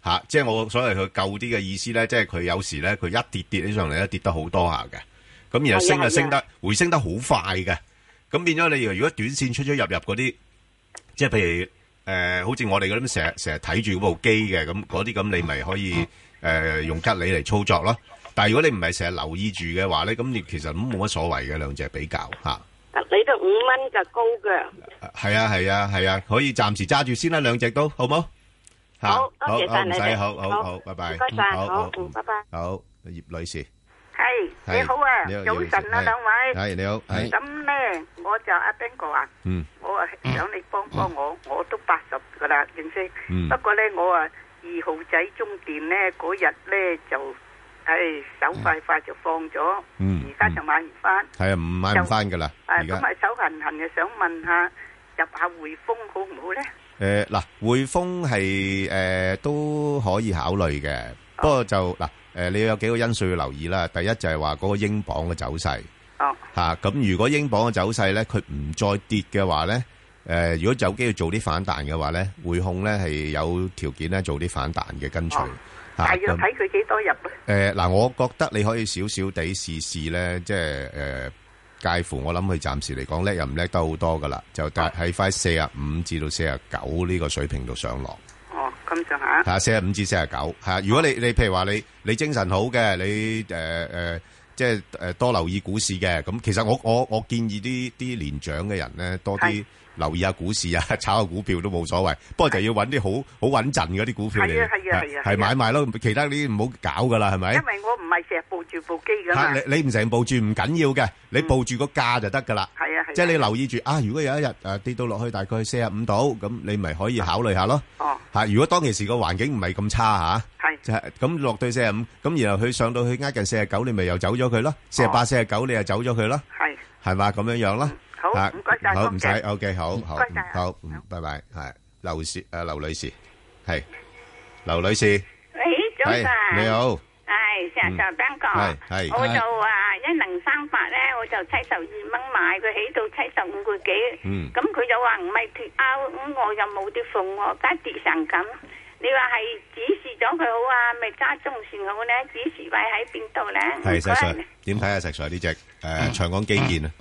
吓，即係我所謂佢舊啲嘅意思咧，即係佢有時咧，佢一跌跌起上嚟咧，跌得好多下嘅，咁然後升又升得，回升得好快嘅。咁變咗你，如果短線出出入入嗰啲，即係譬如誒、呃，好似我哋咁樣成日成日睇住部機嘅，咁嗰啲咁你咪可以誒、呃、用吉利嚟操作咯。但係如果你唔係成日留意住嘅話咧，咁你其實咁冇乜所謂嘅兩隻比較嚇。啊、你都五蚊就高腳。係啊係啊係啊，啊，啊，可以暫時揸住先啦，兩隻都好冇好。啊、好，多謝曬你。好，好好，好，拜拜。拜拜。好，葉女，女士。係你好啊，早晨啊兩位。係你好。咁咧，我就阿邊個啊？嗯。我啊想你幫幫我，我都八十噶啦，認識。嗯。不過咧，我啊二號仔中電咧嗰日咧就，係手快快就放咗。嗯。而家就買唔翻。係啊，唔買唔翻噶啦。而家。啊，咁啊手痕痕就，想問下入下匯豐好唔好咧？誒嗱，匯豐係誒都可以考慮嘅，不過就嗱。誒、呃，你有幾個因素要留意啦。第一就係話嗰個英鎊嘅走勢，吓咁，哦啊、如果英鎊嘅走勢咧，佢唔再跌嘅話咧，誒、呃，如果有機會做啲反彈嘅話咧，匯控咧係有條件咧做啲反彈嘅跟隨。哦啊、但係要睇佢幾多日誒，嗱、啊啊，我覺得你可以少少地試試咧，即係誒，介乎我諗佢暫時嚟講叻又唔叻得好多噶啦，就大喺快四啊五至到四啊九呢個水平度上落。哦咁上下，吓四啊五至四啊九，吓，如果你你譬如話你你精神好嘅，你誒誒、呃呃，即係誒、呃、多留意股市嘅。咁其實我我我建議啲啲年長嘅人咧，多啲。留意下股市啊，炒下股票都冇所謂，不過就要揾啲好好穩陣嗰啲股票嚟。係啊係啊係啊，係買賣咯，其他啲唔好搞噶啦，係咪？因為我唔係成日報住部機噶嘛。你你唔成日報住唔緊要嘅，你報住個價就得噶啦。係啊，即係你留意住啊，如果有一日誒跌到落去大概四廿五度，咁你咪可以考慮下咯。哦。吓，如果當其時個環境唔係咁差吓，係，就係咁落對四廿五，咁然後佢上到去挨近四廿九，你咪又走咗佢咯。四廿八、四廿九，你又走咗佢咯。係。係嘛，咁樣樣咯。好唔該晒，好唔使，OK，好好好，拜拜，係劉氏誒，劉女士係劉女士，誒，早晨你好，係成日就邊個，係係我就話一零三八咧，我就七十二蚊買，佢起到七十五個幾，嗯，咁佢就話唔係脱歐，咁我又冇跌逢，我家跌成咁，你話係指示咗佢好啊，咪揸中線好咧？指示位喺邊度咧？唔該，點睇啊？石 Sir 呢隻誒，長江基建啊？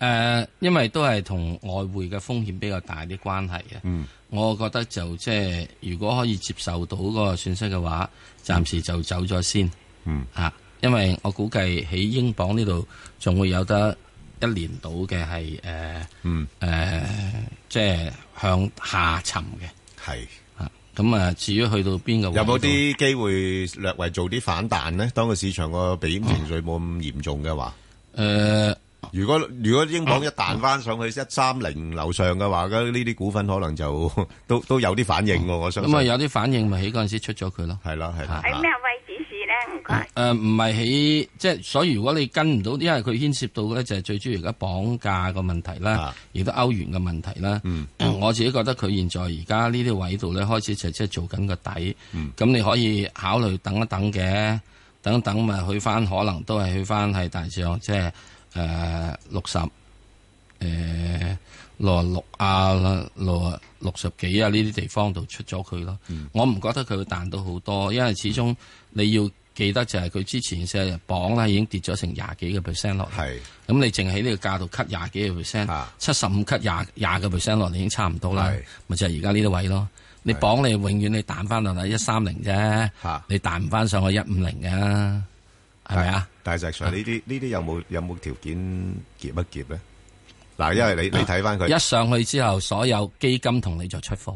誒，因為都係同外匯嘅風險比較大啲關係嘅，嗯、我覺得就即、是、係如果可以接受到個損失嘅話，暫時就走咗先。嗯，啊，因為我估計喺英鎊呢度仲會有得一年到嘅係誒，誒、呃嗯呃，即係向下沉嘅。係啊是，咁啊，至於去到邊個，有冇啲機會略為做啲反彈呢？當個市場個避險情緒冇咁嚴重嘅話，誒、嗯。呃如果如果英鎊一彈翻上去一三零樓上嘅話，呢啲股份可能就都都有啲反應。我想咁啊、嗯嗯，有啲反應咪起嗰陣時出咗佢咯，係啦係啦喺咩位置呢？誒，唔係起，即係所以如果你跟唔到，因為佢牽涉到咧就係、是、最主要而家綁架個問題啦，亦都歐元嘅問題啦。嗯嗯、我自己覺得佢現在而家呢啲位度咧開始就即係做緊個底，咁、嗯嗯、你可以考慮等一等嘅，等一等咪去翻，可能都係去翻係大上即係。誒，六十，誒，六六啊，六六十幾啊，呢啲地方度出咗佢咯。嗯、我唔覺得佢會彈到好多，因為始終、嗯、你要記得就係佢之前成日榜啦，已經跌咗成廿幾是、嗯、個 percent 落嚟。咁你淨喺呢個價度 cut 廿幾個 percent，七十五 cut 廿廿個 percent 落嚟已經差唔多啦。咪是就係而家呢啲位咯。是你綁你永遠你彈翻落嚟一三零啫，是你彈唔翻上去一五零啊。係啊？但係實際上呢啲呢啲有冇有冇條件夾一夾咧？嗱，因為你你睇翻佢一上去之後，所有基金同你就出貨，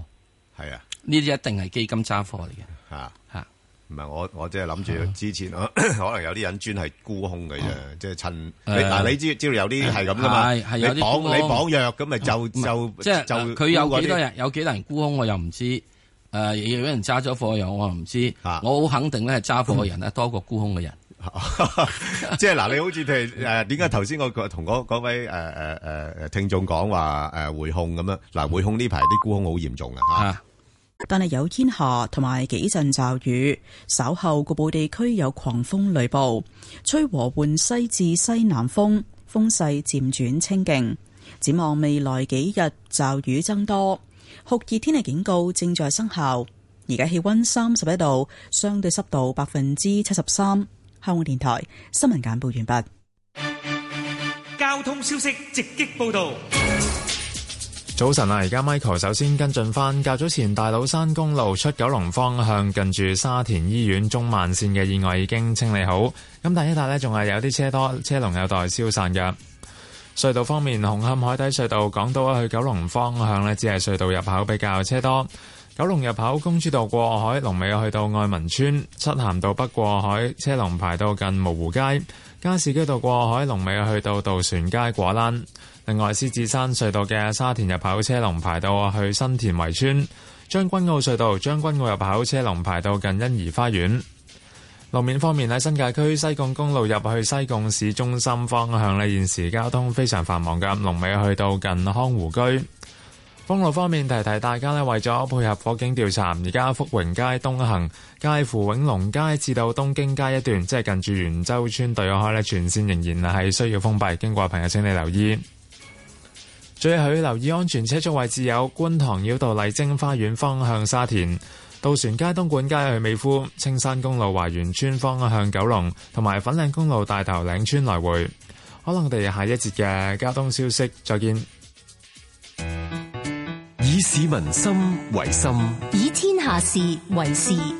係啊，呢啲一定係基金揸貨嚟嘅。吓吓，唔係我我即係諗住之前可能有啲人專係沽空嘅啫，即係趁嗱，你知知道有啲係咁噶嘛？係係你綁你綁約咁咪就就即係就佢有幾多人有幾多人沽空，我又唔知誒。有人揸咗貨又我又唔知，我好肯定咧，係揸貨嘅人咧多過沽空嘅人。 即係嗱，你好似誒誒，點解頭先我同嗰位誒誒誒聽眾講話誒匯控咁樣嗱？匯、啊、控呢排啲沽空好嚴重啊吓。但係有煙霞同埋幾陣驟雨，稍後局部地區有狂風雷暴，吹和緩西至西南風，風勢漸轉清勁。展望未來幾日驟雨增多，酷熱天氣警告正在生效。而家氣溫三十一度，相對濕度百分之七十三。香港電台新聞簡報完畢。交通消息直擊報道。早晨啊，而家 Michael 首先跟進翻，較早前大老山公路出九龍方向近住沙田醫院中慢線嘅意外已經清理好，咁但一帶咧仲係有啲車多，車龍有待消散嘅。隧道方面，紅磡海底隧道港島去九龍方向呢，只係隧道入口比較車多。九龍入口公主道過海，龍尾去到愛民村；漆咸道北過海，車龍排到近蕪湖街；加士居道過海，龍尾去到渡船街果欄。另外，獅子山隧道嘅沙田入口車龍排到去新田圍村；將軍澳隧道將軍澳入口車龍排到近欣怡花園。路面方面喺新界區西貢公路入去西貢市中心方向呢，現時交通非常繁忙嘅，龍尾去到近康湖居。封路方面，提提大家呢，為咗配合火警調查，而家福榮街東行介乎永隆街至到東京街一段，即係近住元州村對開呢，全線仍然係需要封閉。經過朋友，請你留意。最後要留意安全車速位置，有觀塘繞道麗晶花園方向沙田、渡船街東莞街去美孚、青山公路華園村方向九龍，同埋粉嶺公路大頭嶺村來回。可能我哋下一節嘅交通消息再見。嗯以市民心為心，以天下事為事。以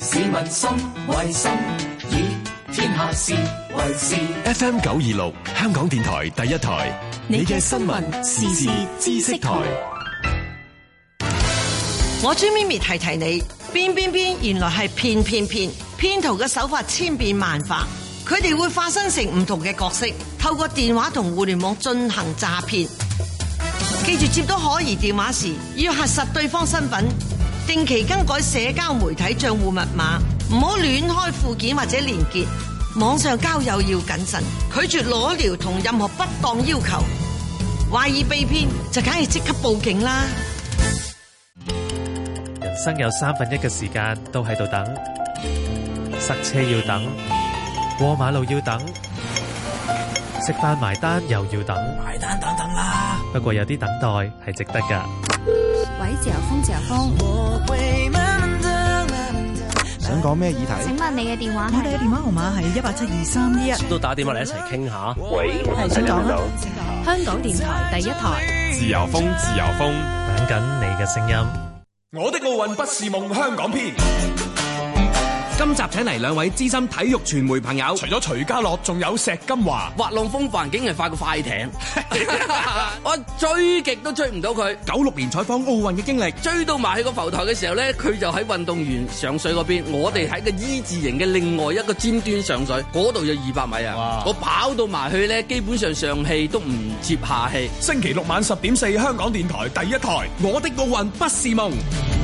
市民心為心，以天下事為事。FM 九二六，香港電台第一台，你嘅新聞時事知識台。我朱咪咪提提你，變變變，原來係騙騙騙，騙徒嘅手法千變萬化，佢哋會化身成唔同嘅角色，透過電話同互聯網進行詐騙。記住接到可疑電話時，要核實對方身份；定期更改社交媒體賬戶密碼，唔好亂開附件或者連結。網上交友要謹慎，拒絕裸聊同任何不當要求。懷疑被騙就梗係即刻報警啦！人生有三分一嘅時間都喺度等，塞車要等，過馬路要等。食飯埋單又要等，埋單等等啦。不過有啲等待係值得噶。喂，自由風，自由風，想講咩議題？請問你嘅電話，我哋嘅電話號碼係一八七二三一一。都打電話嚟一齊傾下。喂，係香港電台第一台。自由風，自由風，等緊你嘅聲音。我的奧運不是夢香港篇。今集請嚟兩位資深體育傳媒朋友，除咗徐家樂，仲有石金華。滑浪風帆竟然快過快艇， 我追極都追唔到佢。九六年採訪奧運嘅經歷，追到埋去個浮台嘅時候呢，佢就喺運動員上水嗰邊，我哋喺個 E 字形嘅另外一個尖端上水，嗰度有二百米啊！哇我跑到埋去呢，基本上上氣都唔接下氣。星期六晚十點四，香港電台第一台，我的奧運不是夢。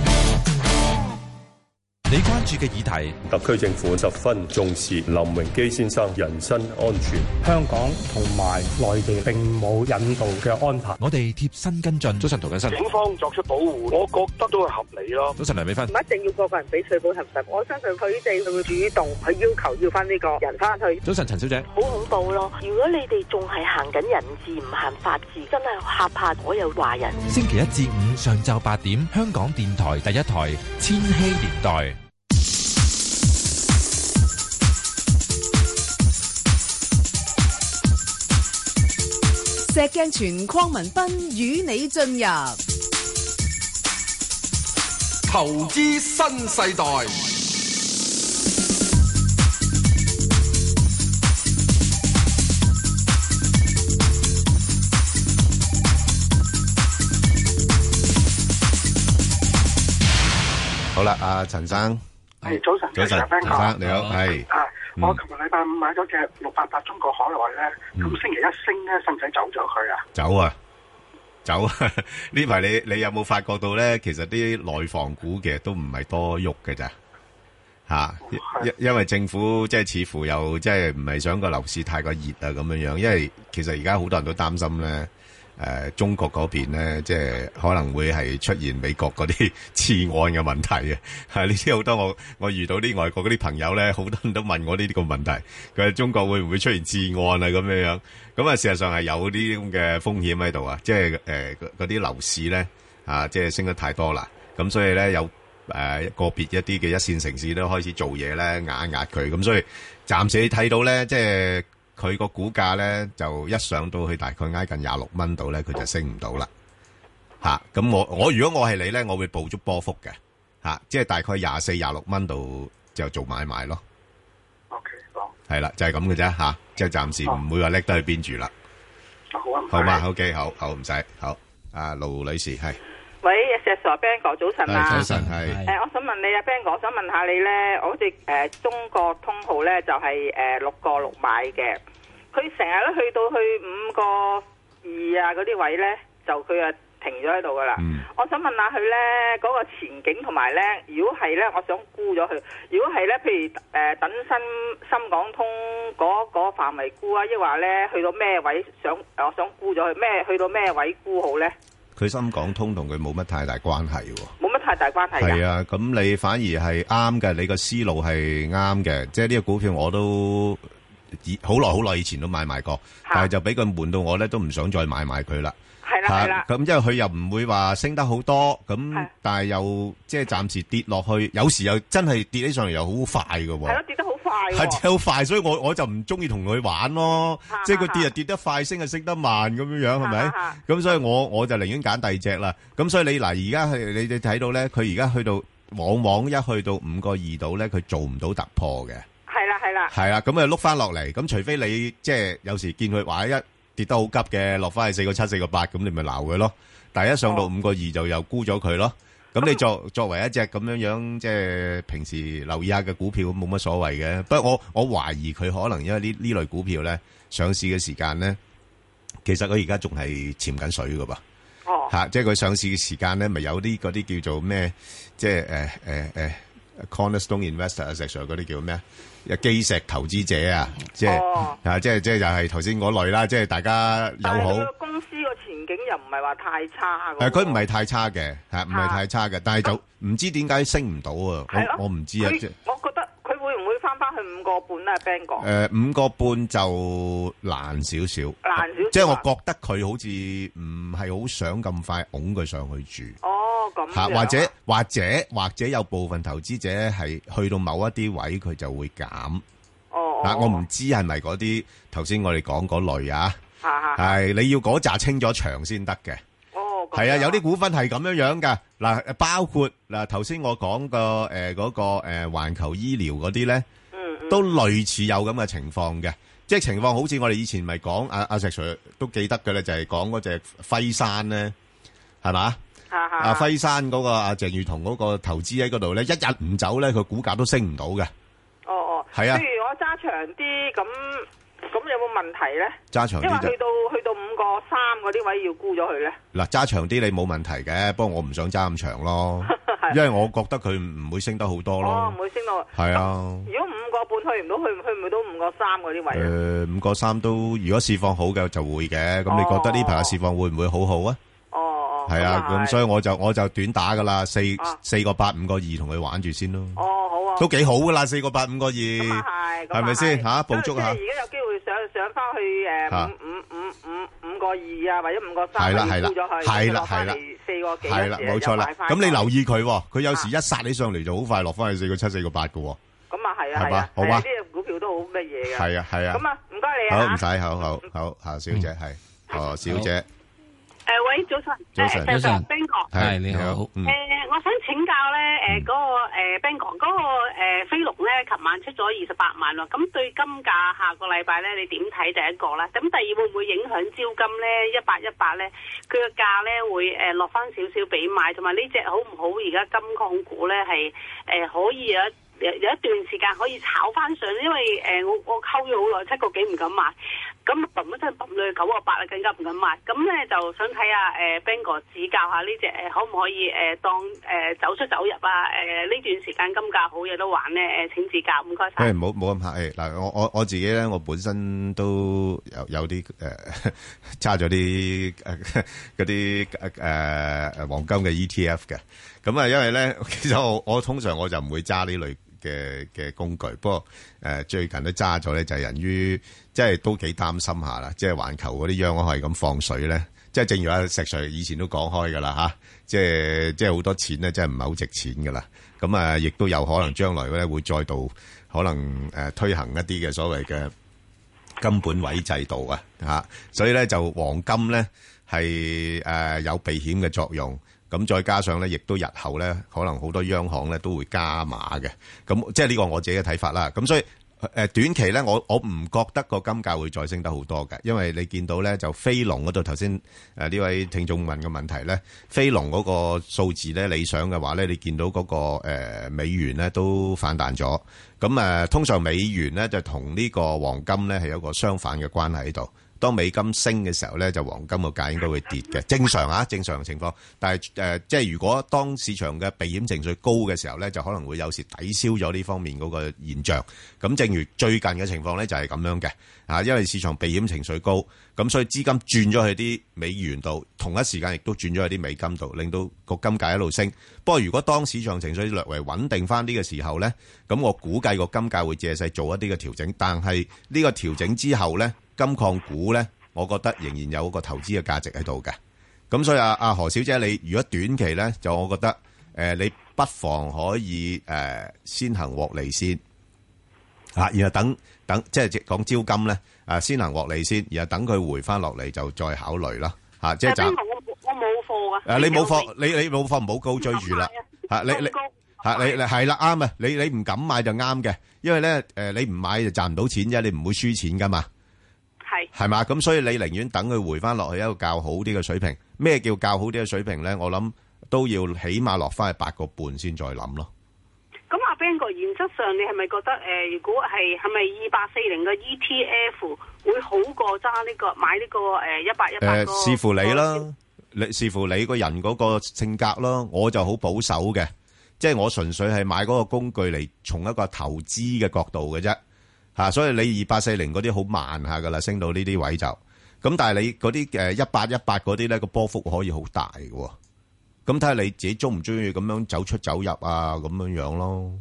你關注嘅議題，特區政府十分重視林榮基先生人身安全。香港同埋內地並冇引渡嘅安排，我哋貼身跟進。早晨，涂謹申。警方作出保護，我覺得都係合理咯。早晨，梁美芬。唔一定要個個人俾稅報核實，我相信佢哋會主動去要求要翻呢個人翻去。早晨，陳小姐。好恐怖咯！如果你哋仲係行緊人治，唔行法治，真係嚇怕所有華人。嗯。星期一至五上晝八點，香港電台第一台千禧年代。石鏡泉、鄺民彬與你進入投資新世代。好啦，阿、啊、陳生。誒，早晨，早晨，陳生，好，你好，係。我琴日禮拜五買咗隻六八八中國海外咧，咁星期一升咧，使唔使走咗去啊？走啊，走啊！呢排你你有冇發覺到咧？其實啲內房股嘅都唔係多喐嘅咋吓，因、啊嗯、因為政府即係似乎又即係唔係想個樓市太過熱啊咁樣樣，因為其實而家好多人都擔心咧。誒中國嗰邊咧，即係可能會係出現美國嗰啲次按嘅問題嘅，係呢啲好多我我遇到啲外國嗰啲朋友咧，好多人都問我呢啲個問題，佢中國會唔會出現次按啊咁樣樣？咁啊，事實上係有啲咁嘅風險喺度啊，即係誒嗰啲樓市咧啊，即係升得太多啦，咁所以咧有誒個別一啲嘅一線城市都開始做嘢咧壓壓佢，咁所以暫時你睇到咧即係。佢個股價咧就一上到去大概挨近廿六蚊度咧，佢就升唔到啦。嚇、啊！咁我我如果我係你咧，我會捕捉波幅嘅。嚇、啊！即係大概廿四、廿六蚊度就做買賣咯。O K，好。係啦，就係咁嘅啫。即係暫時唔會話叻得去邊住啦。好啊，好嘛。O K，好好唔使好。阿盧女士係。Yes. 喂，石 sir、Ben 哥，早晨啊！早晨係。誒、呃，我想問你啊 Ben 哥，我想問下你咧，我好似誒中國通號咧，就係誒六個六買嘅，佢成日都去到去五個二啊嗰啲位咧，就佢啊停咗喺度噶啦。我想問下佢咧，嗰個前景同埋咧，如果係咧、呃那個呃，我想沽咗佢。如果係咧，譬如誒等新深港通嗰個範圍沽啊，亦話咧去到咩位想我想沽咗佢咩？去到咩位沽好咧？佢深港通同佢冇乜太大關係喎，冇乜太大關係，啊大關係。係啊，咁你反而係啱嘅，你個思路係啱嘅。即係呢個股票我都以好耐好耐以前都買埋過，啊、但係就俾佢悶到我咧，都唔想再買埋佢啦。係啦係啦，咁、啊啊啊、因為佢又唔會話升得好多，咁、啊、但係又即係暫時跌落去，有時又真係跌起上嚟，又快、啊啊、好快嘅喎。係超快，所以我我就唔中意同佢玩咯。即係佢跌就跌得快，升就升得慢咁樣樣，係咪？咁所以我我就寧願揀第二隻啦。咁所以你嗱，而家去你哋睇到咧，佢而家去到往往一去到五個二度咧，佢做唔到突破嘅。係啦，係啦。係啦，咁又碌翻落嚟。咁除非你即係有時見佢話一跌得好急嘅，落翻去四個七、四個八，咁你咪鬧佢咯。但係一上到五個二就又沽咗佢咯。咁你作作為一隻咁樣樣，即係平時留意下嘅股票，冇乜所謂嘅。不過我我懷疑佢可能因為呢呢類股票咧上市嘅時間咧，其實佢而家仲係潛緊水噶噃。哦，啊、即係佢上市嘅時間咧，咪有啲嗰啲叫做咩，即係誒、欸、誒誒、欸、，Cornerstone Investor 石 Sir 嗰啲叫咩啊？基石投資者、哦、啊，即係啊，即係即係就係頭先嗰類啦，即係大家友好。又唔係話太差，誒、啊，佢唔係太差嘅，係唔係太差嘅，但係就唔知點解升唔到啊？係嘅，我我唔知啊，佢、即係、我覺得佢會唔會翻翻去五個半啊？Ben 哥，誒、呃，五個半就難少少，難少，即係、呃即係、我覺得佢好似唔係好想咁快拱佢上去住。哦，咁吓、啊啊，或者或者或者有部分投資者係去到某一啲位，佢就會減。哦，哦、吓、哦呃，我唔知係咪嗰啲頭先我哋講嗰類啊。係，你要嗰紮清咗場先得嘅。哦，係啊，有啲股份係咁樣樣噶。嗱，包括嗱，頭先我講過，呃嗰個誒個誒環球醫療嗰啲咧，嗯，都類似有咁嘅情況嘅。即係情況好似我哋以前咪講阿阿石 sir 都記得嘅咧，就係講嗰隻輝山咧，係嘛？啊輝山嗰個阿鄭裕彤嗰個投資喺嗰度咧，一日唔走咧，佢股價都升唔到嘅。哦哦，係啊的。譬如我揸長啲咁。咁有冇問題咧？揸長啲，即係因為去到去到五個三嗰啲位要沽咗佢咧？嗱，揸長啲你冇問題嘅，不過我唔想揸咁長咯，因為我覺得佢唔會升得好多咯。哦，唔會升到係啊！如果五個半去唔到，去去唔到五個三嗰啲位。誒，五個三都如果釋放好嘅就會嘅。咁你覺得呢排嘅釋放會唔會好好啊？哦哦，係啊，咁所以我就我就短打㗎啦，四四個八五個二同佢玩住先咯。哦，好啊，都幾好㗎啦，四個八五個二，係咪先嚇捕捉嚇？即係而家有機會。去誒，五五五五五個二啊，或者五個三，係收咗去四個四四個幾，冇錯喇。咁你留意佢，佢有時一殺你上嚟就好快落翻去四個七、四個八噶。咁啊係啊係啊，係啲股票都好乜嘢噶。係啊係啊。咁啊唔該你啊。好唔使好好好，啊小姐係，啊小姐。誒、呃，喂，早晨，早晨，早晨，彬哥，係你好。誒、嗯呃，我想請教咧，誒、呃，嗰、那個誒，彬、呃、哥，嗰、那個誒、呃，飛龍咧，琴晚出咗二十八萬咯。咁對金價下個禮拜咧，你點睇第一個咧？咁第二會唔會影響招金咧？100, 100呢呢呃、一百一百咧，佢個價咧會誒落翻少少俾買，同埋呢隻好唔好？而家金礦股咧係誒可以啊？有一段時間可以炒翻上，因為誒、呃、我我溝咗好耐七個幾唔敢買，咁嘣一聲嘣落九個八啦，呃呃呃、更加唔敢買，咁咧就想睇下誒彬哥指教下呢隻誒可唔可以誒、呃、當誒、呃、走出走入啊誒呢段時間金價好嘢都玩咧誒、呃、請指教，唔該晒。誒冇冇咁客氣誒嗱我我我自己咧我本身都有有啲誒揸咗啲誒嗰啲誒誒黃金嘅 ETF 嘅，咁啊因為咧其實我我，我通常我就唔會揸呢類。嘅嘅工具，不過誒、呃、最近都揸咗咧，就係、是、由於即係都幾擔心下啦，即係環球嗰啲央行係咁放水咧，即係正如阿石 Sir 以前都講開嘅啦嚇，即係即係好多錢咧，真係唔係好值錢嘅啦，咁啊，亦都有可能將來咧會再度可能誒推行一啲嘅所謂嘅根本位制度啊嚇，所以咧就黃金咧係誒有避險嘅作用。咁再加上咧，亦都日後咧，可能好多央行咧都會加碼嘅。咁即係呢個我自己嘅睇法啦。咁所以誒短期咧，我我唔覺得個金價會再升得好多嘅，因為你見到咧就非農嗰度頭先誒呢位聽眾問嘅問題咧，非農嗰個數字咧理想嘅話咧，你見到嗰個誒美元咧都反彈咗。咁誒通常美元咧就同呢個黃金咧係有個相反嘅關係喺度。當美金升嘅時候呢，就黃金個價應該會跌嘅，正常啊，正常情況。但係，呃，即係如果當市場嘅避險情緒高嘅時候呢，就可能會有時抵消咗呢方面嗰個現象。咁正如最近嘅情況呢，就係咁樣嘅啊，因為市場避險情緒高，咁所以資金轉咗去啲美元度，同一時間亦都轉咗去啲美金度，令到個金價一路升。不過如果當市場情緒略為穩定翻啲嘅時候呢，咁我估計個金價會借勢做一啲嘅調整。但係呢個調整之後呢。金礦股咧，我覺得仍然有個投資嘅價值喺度嘅。咁所以啊，阿何小姐，你如果短期咧，就我覺得誒，你不妨可以誒先行獲利先吓，然後等等即係講招金咧誒，先行獲利先，然後等佢回翻落嚟就再考慮啦吓。即係就我我冇貨啊。誒，你冇貨，你你冇貨，唔好高追住啦吓。你你吓你你係啦，啱啊。你你唔敢買就啱嘅，因為咧誒，你唔買就賺唔到錢啫，你唔會輸錢噶嘛。係，係嘛？咁所以你寧願等佢回翻落去一個較好啲嘅水平。咩叫較好啲嘅水平咧？我諗都要起碼落翻去八個半先再諗咯。咁阿 Ben 哥，原則上你係咪覺得誒，如果係係咪二八四零嘅 ETF 會好過揸呢、呢個買呢個誒一百一百？誒、呃，視乎你啦，你視乎你個人嗰個性格咯。我就好保守嘅，即係我純粹係買嗰個工具嚟從一個投資嘅角度嘅啫。吓，所以你二八四零嗰啲好慢下噶啦，升到呢啲位就咁，但係你嗰啲誒一八一八嗰啲咧個波幅可以好大嘅，啊，咁睇下你自己鍾唔鍾意咁樣走出走入啊咁樣樣咯。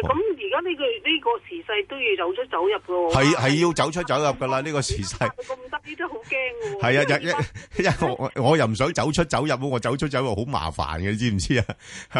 咁而家呢個呢、這個時勢都要走出走入噶喎。係係要走出走入噶啦，呢、這個時勢。咁得意都好驚喎。係啊，就一、啊， 我又唔想走出走入，我走出走入好麻煩嘅，你知唔知啊？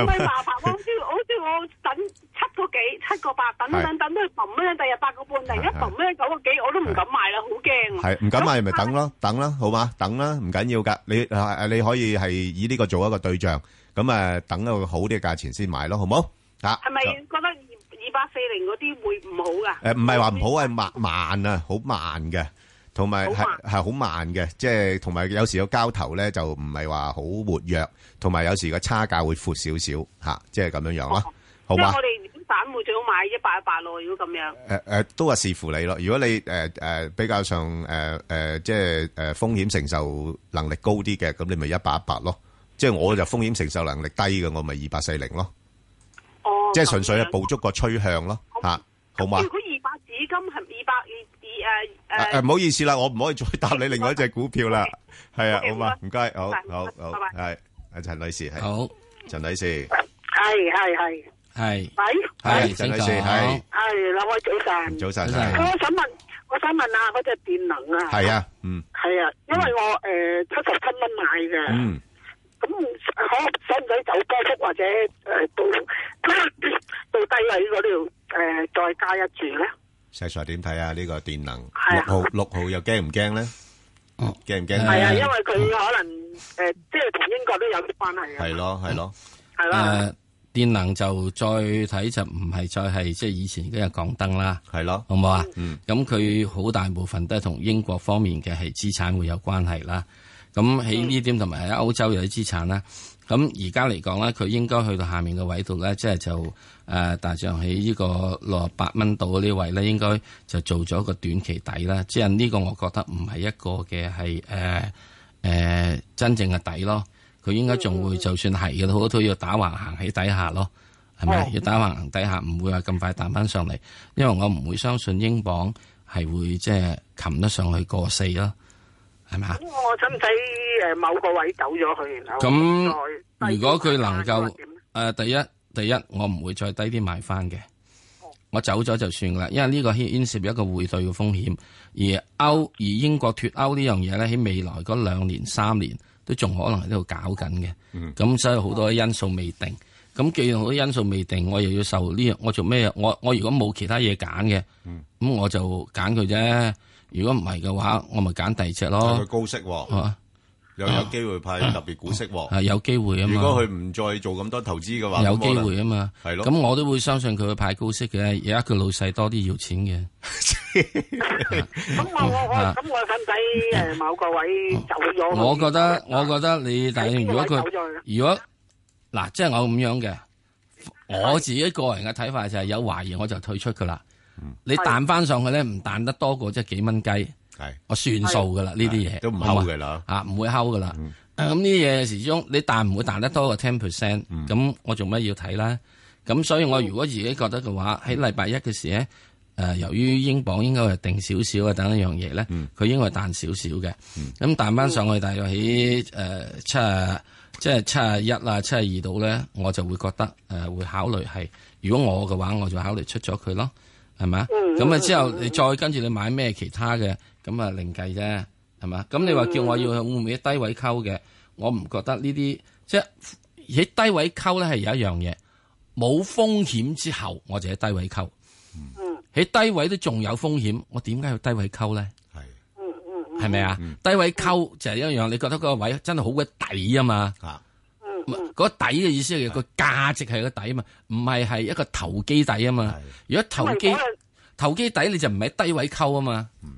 唔係麻煩，好似好似我等。七個幾，七個八等等等都冇咩，第日八個半，第日九個幾，我都唔敢賣啦，好驚啊！係唔敢賣咪等咯，等啦，好嗎？等啦，唔緊要噶，你啊啊，你可以係以呢個做一個對象，咁啊等一個好啲嘅價錢先買咯，好冇吓？係咪覺得二二八四零嗰啲會唔好噶？誒，唔係話唔好，係慢慢啊，好慢嘅，同埋係係好慢嘅，即係同埋有時個交投咧就唔係話好活躍，同埋有時個差價會闊少少吓，即係咁樣樣咯，好嘛？即係我哋。都會最好買一百一百咯，如果咁樣。誒誒，都話視乎你咯。如果你誒誒比較上誒誒，即係誒風險承受能力高啲嘅，咁你咪一百一百咯。即係我就風險承受能力低嘅，我咪二百四零咯。哦。即係純粹係捕捉個趨向咯，吓，好嘛？如果二百紫金係二百二二誒誒，唔好意思啦，我唔可以再答你另外一隻股票啦。係啊，好嘛，唔該，好，好好，係，阿陳女士係。好，陳女士。係係係。係，係，陳女士，係，係，兩位早晨，早晨，早晨。我想問，我想問下嗰隻電能啊，係啊，嗯，係啊，因為我誒七十七蚊買嘅，嗯，咁可使唔使走高速或者誒到到低位嗰條誒再加一注咧？石 Sir 點睇下呢個電能六號六號又驚唔驚咧？驚唔驚咧？係啊，因為佢可能誒，即係同英國都有啲關係啊。係咯，係咯，係啦。電能就再睇就唔係再係即係以前嘅日港燈啦，係咯，好唔好啊？咁佢好大部分都係同英國方面嘅係資產會有關係啦。咁喺呢點同埋喺歐洲有啲資產啦。咁而家嚟講咧，佢應該去到下面嘅位度咧，即係就誒、是呃，大象喺呢個六十八蚊度嗰啲位咧，應該就做咗個短期底啦。即係呢個我覺得唔係一個嘅係誒誒真正嘅底咯。佢應該仲會，嗯、就算係嘅，都好多都要打橫行喺底下咯，係咪？要打橫行底下，唔、嗯、會話咁快彈翻上嚟，因為我唔會相信英鎊係會即係擒得上去過四咯，係咪啊？我使唔使誒某個位走咗去？咁如果佢能夠誒、嗯呃、第一第一，我唔會再低啲買翻嘅，嗯、我走咗就算啦。因為呢個牽涉一個匯兌嘅風險，而歐而英國脱歐呢樣嘢咧，喺未來嗰兩年三年。三年 都仲可能喺度搞緊嘅，咁所以好多因素未定。咁、嗯、既然好多因素未定，我又要受呢、這、樣、個，我做咩？我我如果冇其他嘢揀嘅，咁、嗯、我就揀佢啫。如果唔係嘅話，我咪揀第二隻咯。佢高息喎、哦。啊又有機會派特別股息喎，係有機會啊嘛！如果佢唔再做咁多投資嘅話，有機會啊嘛，係咯。咁我都會相信佢會派高息嘅。而家佢老細多啲要錢嘅，咁我我咁我使唔使誒某個位走咗？我覺得我覺得你但如果佢如果嗱，即係我咁樣嘅，我自己個人嘅睇法就係有懷疑我就退出噶啦。你彈翻上去咧，唔彈得多過即係幾蚊雞。係，我算數噶啦呢啲嘢，都唔會敲噶啦，吓唔會敲噶啦。咁呢啲嘢始終你彈唔會彈得多過 ten percent，咁我做咩要睇咧？咁所以我如果自己覺得嘅話，喺禮拜一嘅時咧，誒由於英鎊應該係定少少啊，等一樣嘢咧，佢應該係彈少少嘅。咁彈翻上去大約喺誒七十，即係七十一啊，七十二度咧，我就會覺得誒會考慮係，如果我嘅話我就考慮出咗佢咯，係咪？咁啊之後你再跟住你買咩其他嘅？咁啊，另計啫，係嘛？咁你話叫我要去向喺低位溝嘅？我唔覺得呢啲即係喺低位溝咧，係有一樣嘢冇風險之後，我就喺低位溝。喺、嗯、低位都仲有風險，我點解要低位溝咧？係是，吧嗯係咪啊？低位溝就係一樣，你覺得嗰個位真係好鬼底嘛啊嘛嚇，嗯嗯，個底嘅意思係個價值係個底啊嘛，唔係係一個投機底啊嘛。是如果投機是投機底你就唔喺低位溝啊嘛。嗯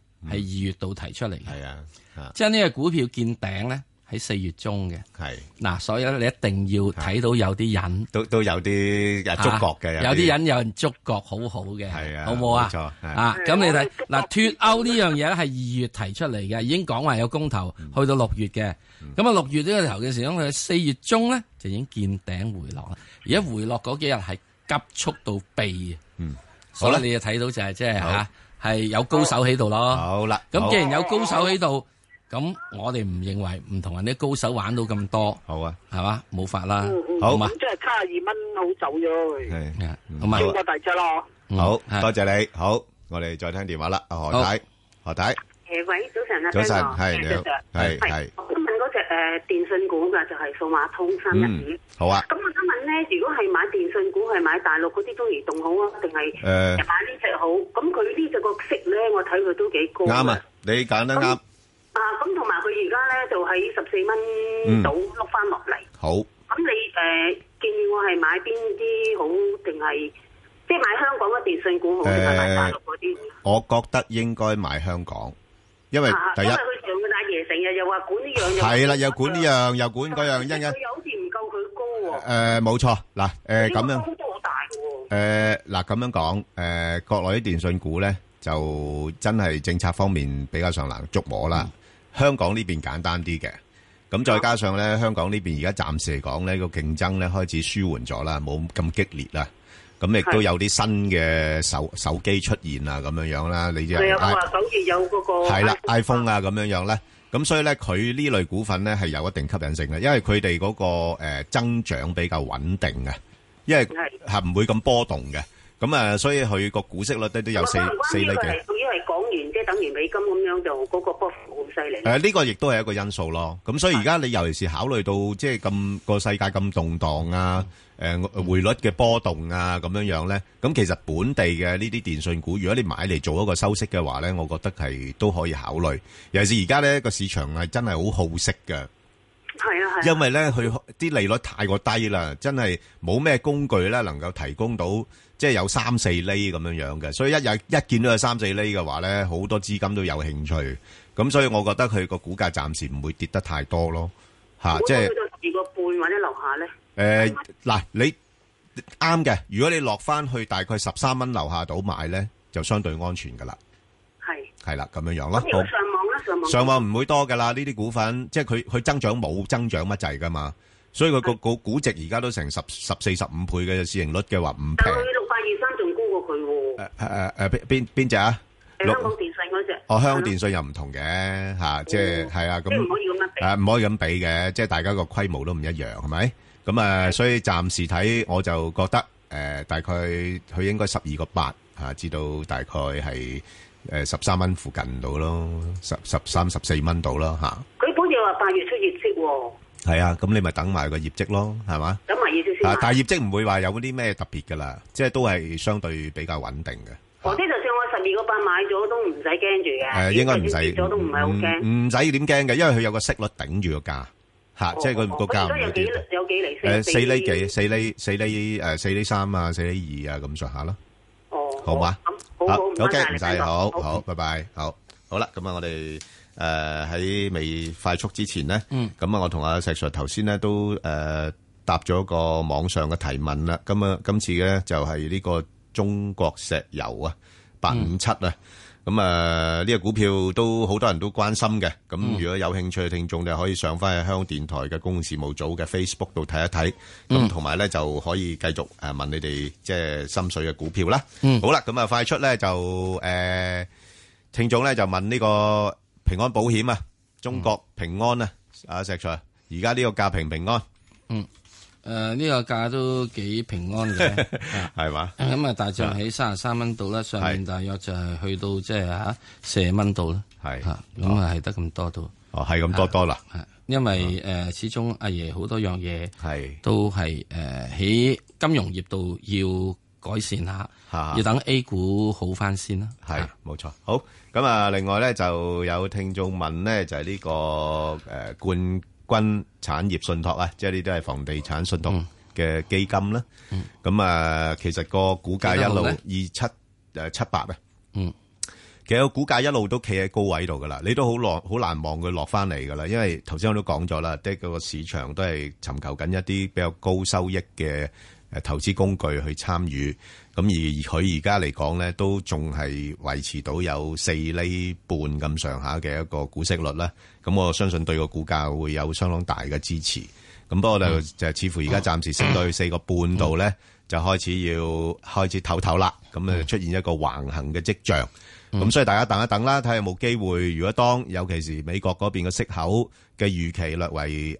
係二月度提出嚟嘅，係啊，啊即係呢個股票見頂咧，喺四月中嘅，係嗱、啊，所以咧你一定要睇到有啲人，都、啊、都有啲觸覺嘅，有啲人有人觸覺，好好嘅，係啊，好唔好啊？錯啊，咁、啊嗯、你睇嗱脱歐呢樣嘢咧，係二啦月提出嚟嘅，已經講話有公投，去到六月嘅，咁啊六月呢個頭嘅時候，佢四月中咧就已經見頂回落啦，而家回落嗰幾日係急速到避，嗯，所以你又睇到就係即係吓。啊係有高手喺度咯，好啦。咁既然有高手喺度，咁我哋唔認為唔同人啲高手玩到咁多，好啊，係嘛，冇法啦。好，即係七十二蚊好走咗，係超過大隻咯。好多謝你，好，我哋再聽電話啦。阿何太，何太，誒，喂，早晨啊，早晨，係你好，係係。誒電信股嘅就係數碼通三一五，好啊！咁我想問咧，如果係買電信股，係買大陸嗰啲中移動好啊，定係誒買呢隻好？咁佢呢隻個息咧，我睇佢都幾高。啱啊，你揀得啱。啊，咁同埋佢而家咧就喺十四蚊度碌翻落嚟。好。咁你誒建議我係買邊啲好，定係即係買香港嘅電信股好，定係買大陸嗰啲？我覺得應該買香港。因為第一，因為佢上面阿爺成日又話管呢樣，又係啦，又管呢樣，又管嗰樣，因因。佢又好似唔夠佢高喎。誒，冇錯，嗱，誒咁樣。呢啲都好多好大嘅。誒，嗱咁樣講，誒，國內啲電信股咧就真係政策方面比較上難捉摸啦。香港呢邊簡單啲嘅，咁再加上咧，香港呢邊而家暫時嚟講咧，個競爭咧開始舒緩咗啦，冇咁激烈啦。咁亦都有啲新嘅手手機出現啊，咁樣樣啦，你知啊？係啦，iPhone 啊，咁樣樣咧。咁所以咧，佢呢類股份咧係有一定吸引性嘅，因為佢哋嗰個誒增長比較穩定嘅，因為係唔會咁波動嘅。咁啊，所以佢個股息率都都有四四厘幾。主要係講完即係等於美金咁樣，就嗰個波幅好犀利。誒，呢個亦都係一個因素咯。咁所以而家你尤其是考慮到即係咁個世界咁動蕩啊。誒，匯率嘅波動啊，咁樣樣咧，咁其實本地嘅呢啲電訊股，如果你買嚟做一個收息嘅話咧，我覺得係都可以考慮。尤其是而家咧，個市場係真係好好息嘅，係啊，因為咧佢啲利率太過低啦，真係冇咩工具咧能夠提供到，即係有三四釐咁樣樣嘅。所以一有一見到有三四釐嘅話咧，好多資金都有興趣。咁所以我覺得佢個股價暫時唔會跌得太多咯，嚇，即係二個半或者樓下咧。誒，嗱，你啱嘅。如果你落翻去大概十三蚊樓下度買咧，就相對安全噶啦。係係啦，咁樣樣咯。咁我上網啦，上網。上網唔會多噶啦，呢啲股份即係佢佢增長冇增長乜滯噶嘛，所以佢個個估值而家都成十十四十五倍嘅市盈率嘅話唔平。但係六百二三仲高過佢。誒誒誒，邊邊隻啊？香港電信嗰隻。哦，香港電信又唔同嘅吓，即係係啊咁。即係唔可以咁樣比。啊，唔可以咁比嘅，即係大家個規模都唔一樣，係咪？咁啊，所以暫時睇我就覺得，誒大概佢應該十二個八嚇，至到大概係誒十三蚊附近到咯，十十三十四蚊到咯嚇。佢本就話八月出業績喎。係啊，咁你咪等埋個業績咯，係嘛？等埋業績先買。但係業績唔會話有啲咩特別噶啦，即係都係相對比較穩定嘅。或者就算我十二個八買咗都唔使驚住嘅。係應該唔使。買咗都唔係好驚。唔使點驚嘅，因為佢有個息率頂住個價。嚇！即係佢個價有幾釐？誒四釐幾、四釐、四釐誒四釐三啊、四釐二啊咁上下咯。哦。好嘛？嚇！好，OK，唔該曬，好好，拜拜，好好啦。咁啊，我哋誒喺未快速之前咧，嗯，咁啊，我同阿石 Sir 頭先咧都誒答咗個網上嘅提問啦。咁啊，今次咧就係呢個中國石油啊，八五七啊。咁啊，呢個股票都好多人都關心嘅。咁如果有興趣嘅聽眾，就可以上返去香港電台嘅公共事務組嘅 Facebook 度睇一睇。咁同埋咧，就可以繼續誒問你哋即係心水嘅股票啦。嗯，好啦，咁啊，快出咧就誒，聽眾咧就問呢個平安保險啊，中國平安啊，阿石才，而家呢個價平平安。嗯。誒，呢個價都幾平安嘅，係嘛？咁啊，大致喺三十三蚊度啦，上面大約就係去到即係吓四十蚊度啦。係，咁啊係得咁多度，哦，係咁多多啦。因為誒，始終阿爺好多樣嘢，係都係誒，喺金融業度要改善下，要等 A 股好翻先啦。係，冇錯。好，咁啊，另外咧就有聽眾問咧，就係呢個誒冠軍產業信託啊，即係呢啲都係房地產信託嘅基金啦。咁啊，其實個股價一路二七誒七八啊，嗯，其實個股價一路都企喺高位度噶啦，你都好落好難望佢落翻嚟噶啦。因為頭先我都講咗啦，即係個市場都係尋求緊一啲比較高收益嘅誒投資工具去參與。咁而佢而家嚟講咧，都仲係維持到有四厘半咁上下嘅一個股息率啦。咁我相信對個股價會有相當大嘅支持。咁不過，就就似乎而家暫時升到去四個半度咧，就開始要開始唞唞啦。咁啊出現一個橫行嘅跡象。咁所以大家等一等啦，睇下，有冇機會。如果當尤其是美國嗰邊嘅息口嘅預期略為誒，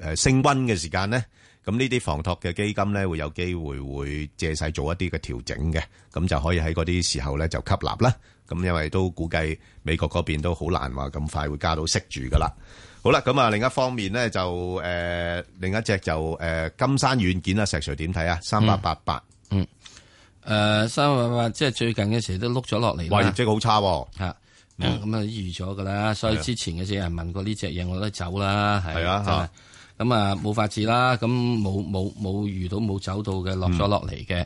回誒，升溫嘅時間咧。咁呢啲房託嘅基金咧，會有機會會借勢做一啲嘅調整嘅，咁就可以喺嗰啲時候咧就吸納啦。咁因為都估計美國嗰邊都好難話咁快會加到息住噶啦。好啦，咁啊另一方面咧就誒、呃，另一隻就誒、呃，金山軟件啊，石 Sir 點睇啊？三八八八，嗯，誒、嗯呃，三八八即係最近嘅時都碌咗落嚟，哇，業績好差、啊，吓、啊，咁啊預咗噶啦，所以之前嘅時人問過呢隻嘢，我都走啦，係啊，吓。咁啊，冇、嗯、法治啦，咁冇冇冇遇到冇走到嘅落咗落嚟嘅，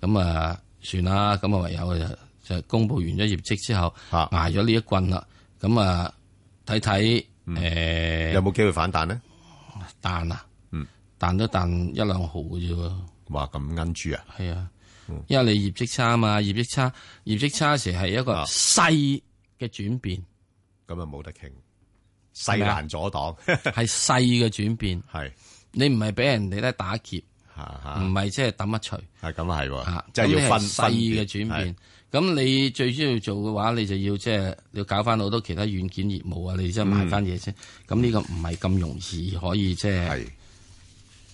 咁、嗯、啊、嗯、算啦，咁啊唯有就公布完咗業績之後，挨咗呢一棍啦，咁啊睇睇誒有冇機會反彈咧？彈啊，彈、嗯、都彈一兩毫啫喎。哇，咁奀住啊！係啊，嗯、因為你業績差啊嘛，業績差，業績差時係一個勢嘅轉變，咁啊冇、嗯嗯、得傾。勢難阻擋，係勢嘅轉變。係你唔係俾人哋咧打劫，唔係即係抌一錘。係咁啊，係即係要分勢嘅轉變。咁你最主要做嘅話，你就要即係要搞翻好多其他軟件業務啊。你即係買翻嘢先。咁呢個唔係咁容易可以即係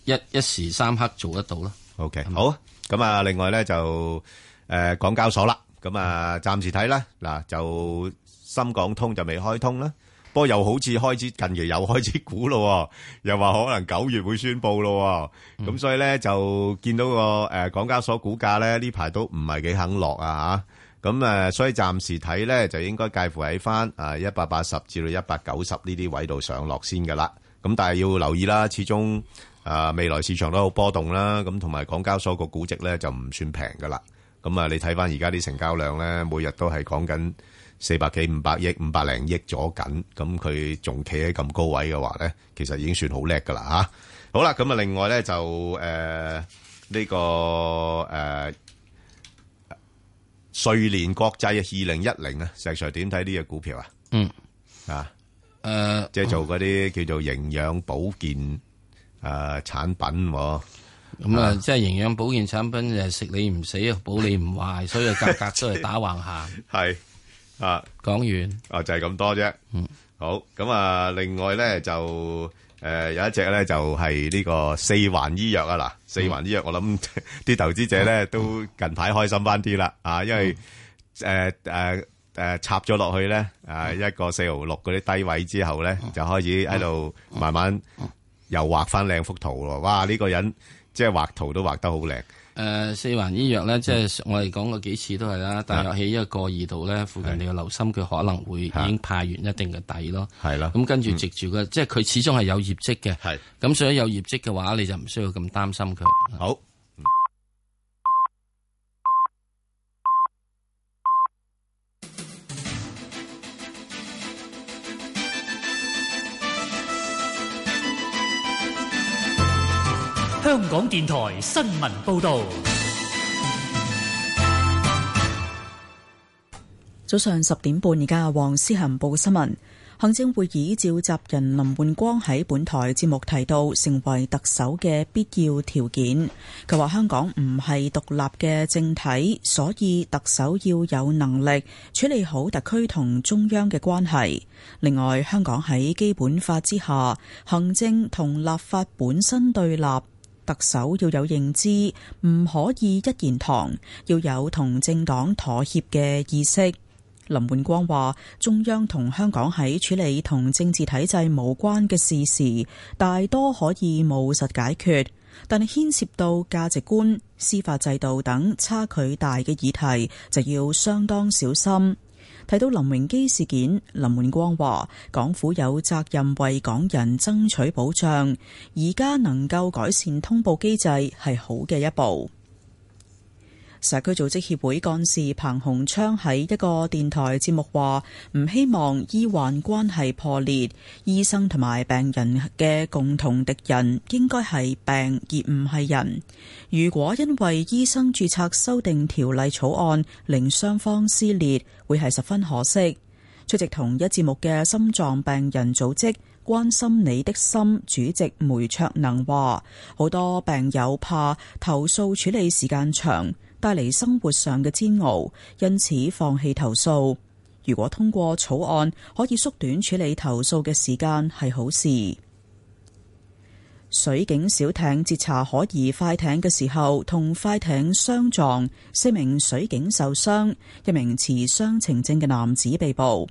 一一時三刻做得到咯。OK，好咁啊。另外咧就，誒港交所啦。咁啊，暫時睇啦嗱，就深港通就未開通啦。個又好似開始近期又開始估咯，又話可能九月會宣布咯，咁所以咧就見到個誒港交所股價咧呢排都唔係幾肯落啊嚇，咁誒所以暫時睇咧就應該介乎喺翻啊一百八十至到一百九十呢啲位度上落先噶啦，咁但係要留意啦，始終啊未來市場都好波動啦，咁同埋港交所個估值咧就唔算平噶啦，咁啊你睇翻而家啲成交量咧每日都係講緊。四百幾五百億五百零億咗緊，咁佢仲企喺咁高位嘅話咧，其實已經算好叻噶啦吓，好啦，咁啊，另外咧就誒呢、呃這個誒瑞年國際 10, ir,、嗯、啊，二零一零啊，石 Sir 點睇呢隻股票啊？嗯啊，誒即係做嗰啲叫做營養保健啊、呃、產品，咁、嗯、啊，即係營養保健產品誒，食你唔死啊，保你唔壞， 所以價格都係打橫行係。啊，講完啊，就係、是、咁多啫。嗯，好，咁啊，另外咧就誒、呃、有一隻咧就係、是、呢個四環醫藥啊嗱，四環醫藥我諗啲 投資者咧都近排開心翻啲啦啊，因為誒誒誒插咗落去咧誒、呃、一個四毫六嗰啲低位之後咧、嗯、就開始喺度慢慢、嗯、又畫翻靚幅圖咯，哇呢、這個人即係畫圖都畫得好靚。誒、呃、四環醫藥咧，嗯、即係我哋講過幾次都係啦。嗯、大約喺一個二度咧，附近你要留心，佢可能會已經派完一定嘅底咯。係啦、嗯，咁跟住直住嘅，嗯嗯、即係佢始終係有業績嘅。係咁、嗯，所以有業績嘅話，你就唔需要咁擔心佢。好。香港電台新聞報道，早上十點半，而家黃思恒報新聞。行政會議召集人林煥光喺本台節目提到，成為特首嘅必要條件。佢話香港唔係獨立嘅政體，所以特首要有能力處理好特區同中央嘅關係。另外，香港喺基本法之下，行政同立法本身對立。特首要有認知，唔可以一言堂，要有同政黨妥協嘅意識。林煥光話：中央同香港喺處理同政治體制無關嘅事時，大多可以務實解決，但係牽涉到價值觀、司法制度等差距大嘅議題，就要相當小心。睇到林榮基事件，林煥光話港府有責任為港人爭取保障，而家能夠改善通報機制係好嘅一步。社區組織協會幹事彭鴻昌喺一個電台節目話：唔希望醫患關係破裂，醫生同埋病人嘅共同敵人應該係病而唔係人。如果因為醫生註冊修訂條例草案令雙方撕裂，會係十分可惜。出席同一節目嘅心臟病人組織關心你的心主席梅卓能話：好多病友怕投訴處理時間長。帶嚟生活上嘅煎熬，因此放棄投訴。如果通過草案可以縮短處理投訴嘅時間，係好事。水警小艇截查可疑快艇嘅時候，同快艇相撞，四名水警受傷，一名持雙程證嘅男子被捕。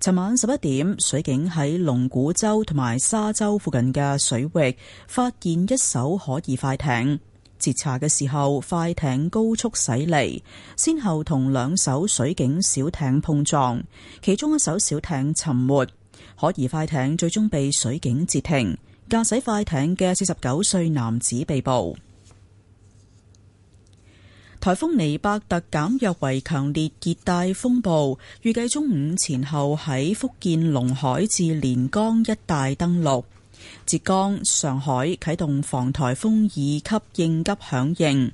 尋晚十一點，水警喺龍鼓洲同埋沙洲附近嘅水域發現一艘可疑快艇。截查嘅時候，快艇高速駛離，先後同兩艘水警小艇碰撞，其中一艘小艇沉沒，可疑快艇最終被水警截停，駕駛快艇嘅四十九歲男子被捕。台風尼伯特減弱為強烈熱帶風暴，預計中午前後喺福建龍海至連江一帶登陸。浙江、上海啟動防台風二級應急響應。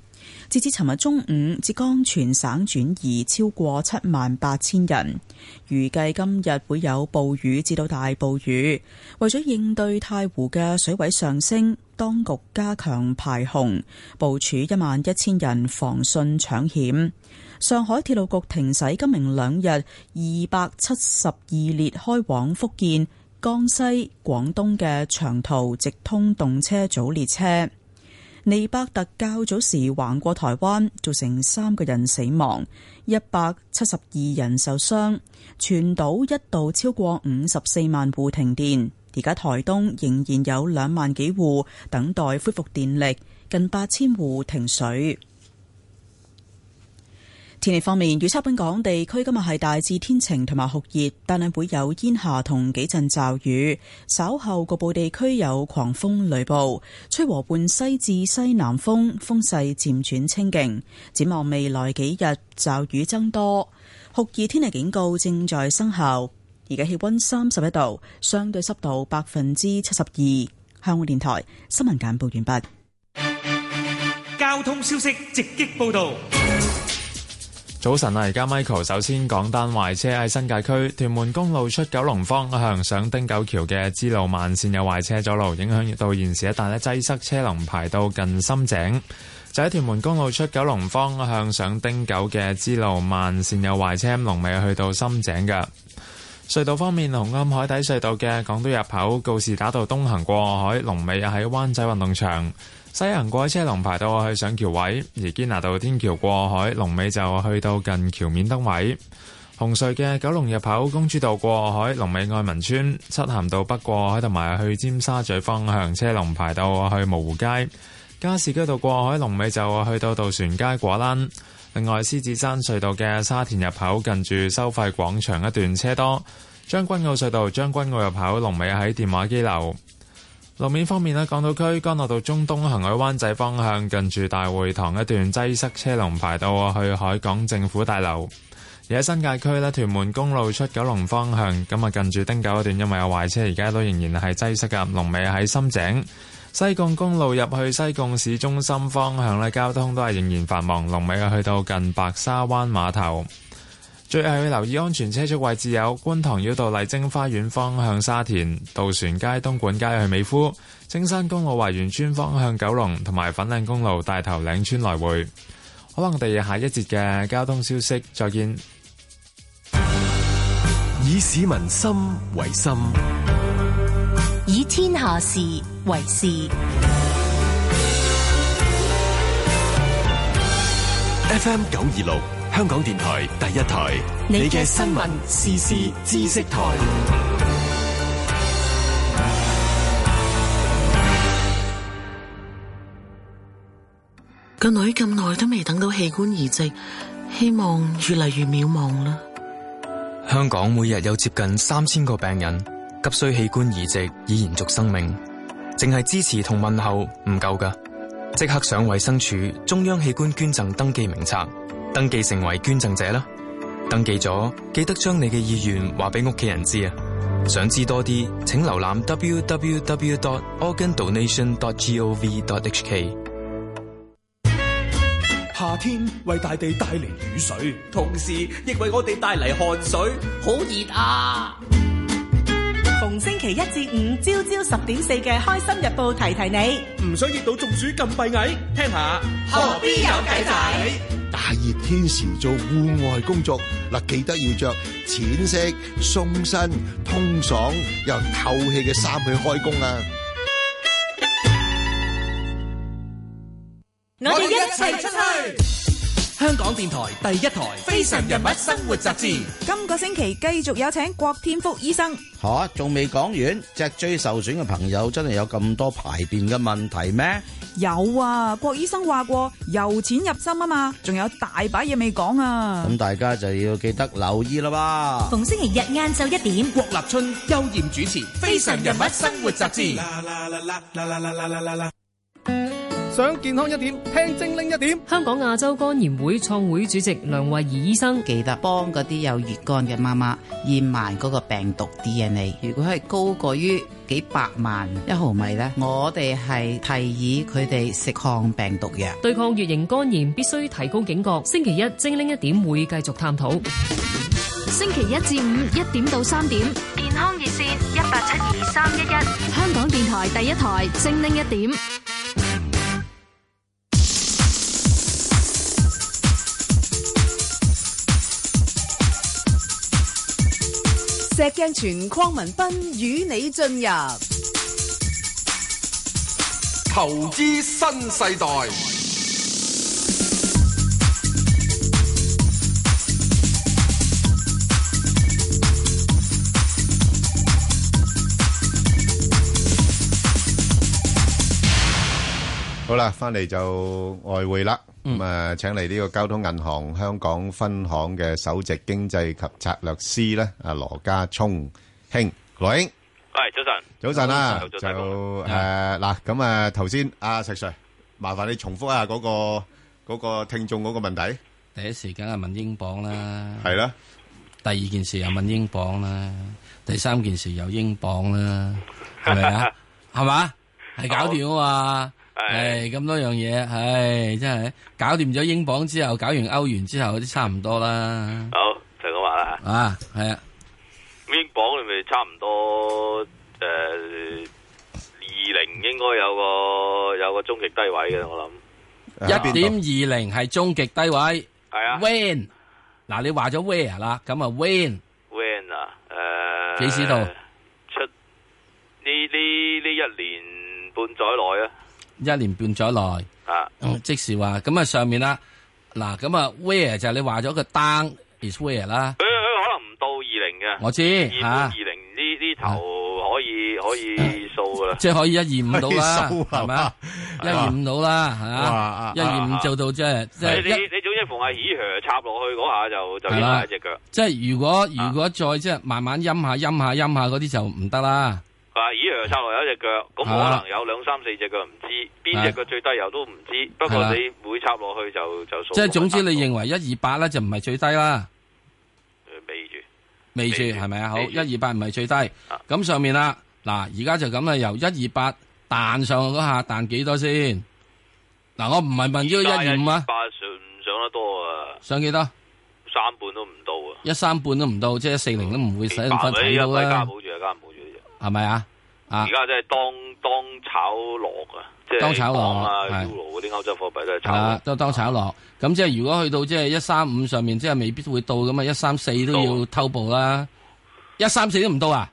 截至尋日中午，浙江全省轉移超過七萬八千人。預計今日會有暴雨至到大暴雨，為咗應對太湖嘅水位上升，當局加強排洪，部署一萬一千人防汛搶險。上海鐵路局停駛今明兩日二百七十二列開往福建江西、廣東嘅長途直通動車組列車。尼伯特較早時橫過台灣，造成三個人死亡、一百七十二人受傷，全島一度超過五十四萬戶停電。而家台東仍然有兩萬幾戶等待恢復電力，近八千戶停水。天氣方面，預測本港地區今日係大致天晴同埋酷熱，但係會有煙霞同幾陣驟雨。稍後局部地區有狂風雷暴，吹和緩西至西南風，風勢漸轉清勁。展望未來幾日，驟雨增多，酷熱天氣警告正在生效。而家氣溫三十一度，相對濕度百分之七十二。香港電台新聞簡報完畢。交通消息直擊報道。早晨啊！而家 Michael 首先講單壞車，喺新界區屯門公路出九龍方向上丁九汀九橋嘅支路慢綫有壞車阻路，影響到現時一帶呢擠塞車龍排到近深井。就喺屯門公路出九龍方向上汀九嘅支路慢綫有壞車，咁龍尾去到深井嘅隧道方面，紅磡海底隧道嘅港島入口告士打道東行過海，龍尾又喺灣仔運動場。西行過車龍排到我去上橋位，而堅拿道天橋過海龍尾就去到近橋面燈位。紅隧嘅九龍入口公主道過海龍尾愛民村，漆咸道北過海同埋去尖沙咀方向車龍排到我去蕪湖街。加士居道過海龍尾就去到渡船街果欄。另外，獅子山隧道嘅沙田入口近住收費廣場一段車多。將軍澳隧道將軍澳入口龍尾喺電話機樓。路面方面咧，港島區干諾道中東行去灣仔方向，近住大會堂一段擠塞車龍排到去海港政府大樓。而喺新界區咧，屯門公路出九龍方向，咁啊近住汀九一段，因為有壞車，而家都仍然係擠塞噶，龍尾喺深井。西貢公路入去西貢市中心方向咧，交通都係仍然繁忙，龍尾啊去到近白沙灣碼頭。最後要留意安全車速位置有：觀塘繞道麗晶花園方向沙田渡船街、東莞街去美孚、青山公路華園村方向九龍同埋粉嶺公路大頭嶺村來回。好啦，我哋下一節嘅交通消息再見。以市民心為心，以天下事為事。F M 九二六。香港電台第一台，你嘅新聞時事知識台。個女咁耐都未等到器官移植，希望越嚟越渺茫啦。香港每日有接近三千個病人急需器官移植以延續生命，淨係支持同問候唔夠㗎，即刻上衛生署中央器官捐贈登記名冊。登記成為捐贈者啦！登記咗，記得將你嘅意願話俾屋企人知啊！想知多啲，請瀏覽 www.organdonation.gov.hk。夏天為大地帶嚟雨水，同時亦為我哋帶嚟汗水，好熱啊！逢星期一至五朝朝十點四嘅《開心日報》，提提你。唔想熱到中暑咁閉翳，聽下，何必有計仔？大熱天時做戶外工作，嗱，記得要着淺色、鬆身、通爽又透氣嘅衫去開工啊！我哋一齊出去。香港電台第一台《非常人物生活雜誌》今個星期繼續有請郭天福醫生。哈，仲未講完，脊椎受損嘅朋友真係有咁多排便嘅問題咩？有啊，郭醫生話過由淺入深啊嘛。仲有大把嘢未講啊！咁大家就要記得留意啦吧。逢星期日晏晝一點，郭立春、邱健主持《非常人物生活雜誌》。想健康一點，聽精靈一點。香港亞洲肝炎會創會主席梁慧儀醫生，記得幫那些有乙肝的媽媽驗埋那個病毒。石鏡泉鄺民彬與你進入投資新世代。好啦，翻嚟，就外匯啦。咁啊，請嚟呢個交通銀行香港分行嘅首席經濟及策略師咧，阿羅家聰兄，羅兄，係早晨，早晨啦，就誒嗱，咁啊頭先阿石 sir，麻煩你重複下嗰個嗰個聽眾嗰個問題。第一時間係問英鎊啦，係啦，第二件事又問英鎊啦，第三件事又英鎊啦，係咪啊？係嘛？係搞掂啊嘛？係咁多樣嘢，唉，真係搞掂咗英鎊之後，搞完歐元之後，啲差唔多啦。好，就咁話啦。啊，係啊，咁英鎊係咪差唔多誒，二零應該有個有個終極低位嘅，我諗。一點二零係終極低位。係啊。Win，嗱你話咗 Win 啦，咁啊 Win，Win 啊，誒，幾時到？出呢呢呢一年半載內啊？一年半咗耐啊，即係話咁啊上面啦，嗱咁啊 where 就係你話咗個 down is where 啦，可能唔到二零嘅，我知二五二零呢呢頭可以可以數噶啦，即係可以一二五到啦，係咪啊？一二五到啦，啊啊，一二五做到即係即係你你總之逢係 here 插落去嗰下就就拉隻腳，即係如果如果再即係慢慢陰下陰下陰下嗰啲就唔得啦。啊！依樣插落有一隻腳，咁可能有兩三四隻腳，唔知邊隻腳最低油都唔知。不過你每插落去就就數。即係總之，你認為一二八咧就唔係最低啦，未住，未住係咪啊？好，一二八唔係最低。咁上面啦，嗱，而家就咁啦，由一二八彈上去嗰下彈幾多先？嗱，我唔係問呢個一二五啊。八上上得多啊。上幾多？三半都唔到啊。一三半都唔到，即係一四零都唔會使分睇到係咪啊？而家真係當當炒落啊！即係英鎊啊、Euro 啲歐洲貨幣都係炒。啊，都當炒落。咁即係如果去到即係一三五上面，即係未必會到㗎嘛！一三四都要偷步啦。一三四都唔到啊？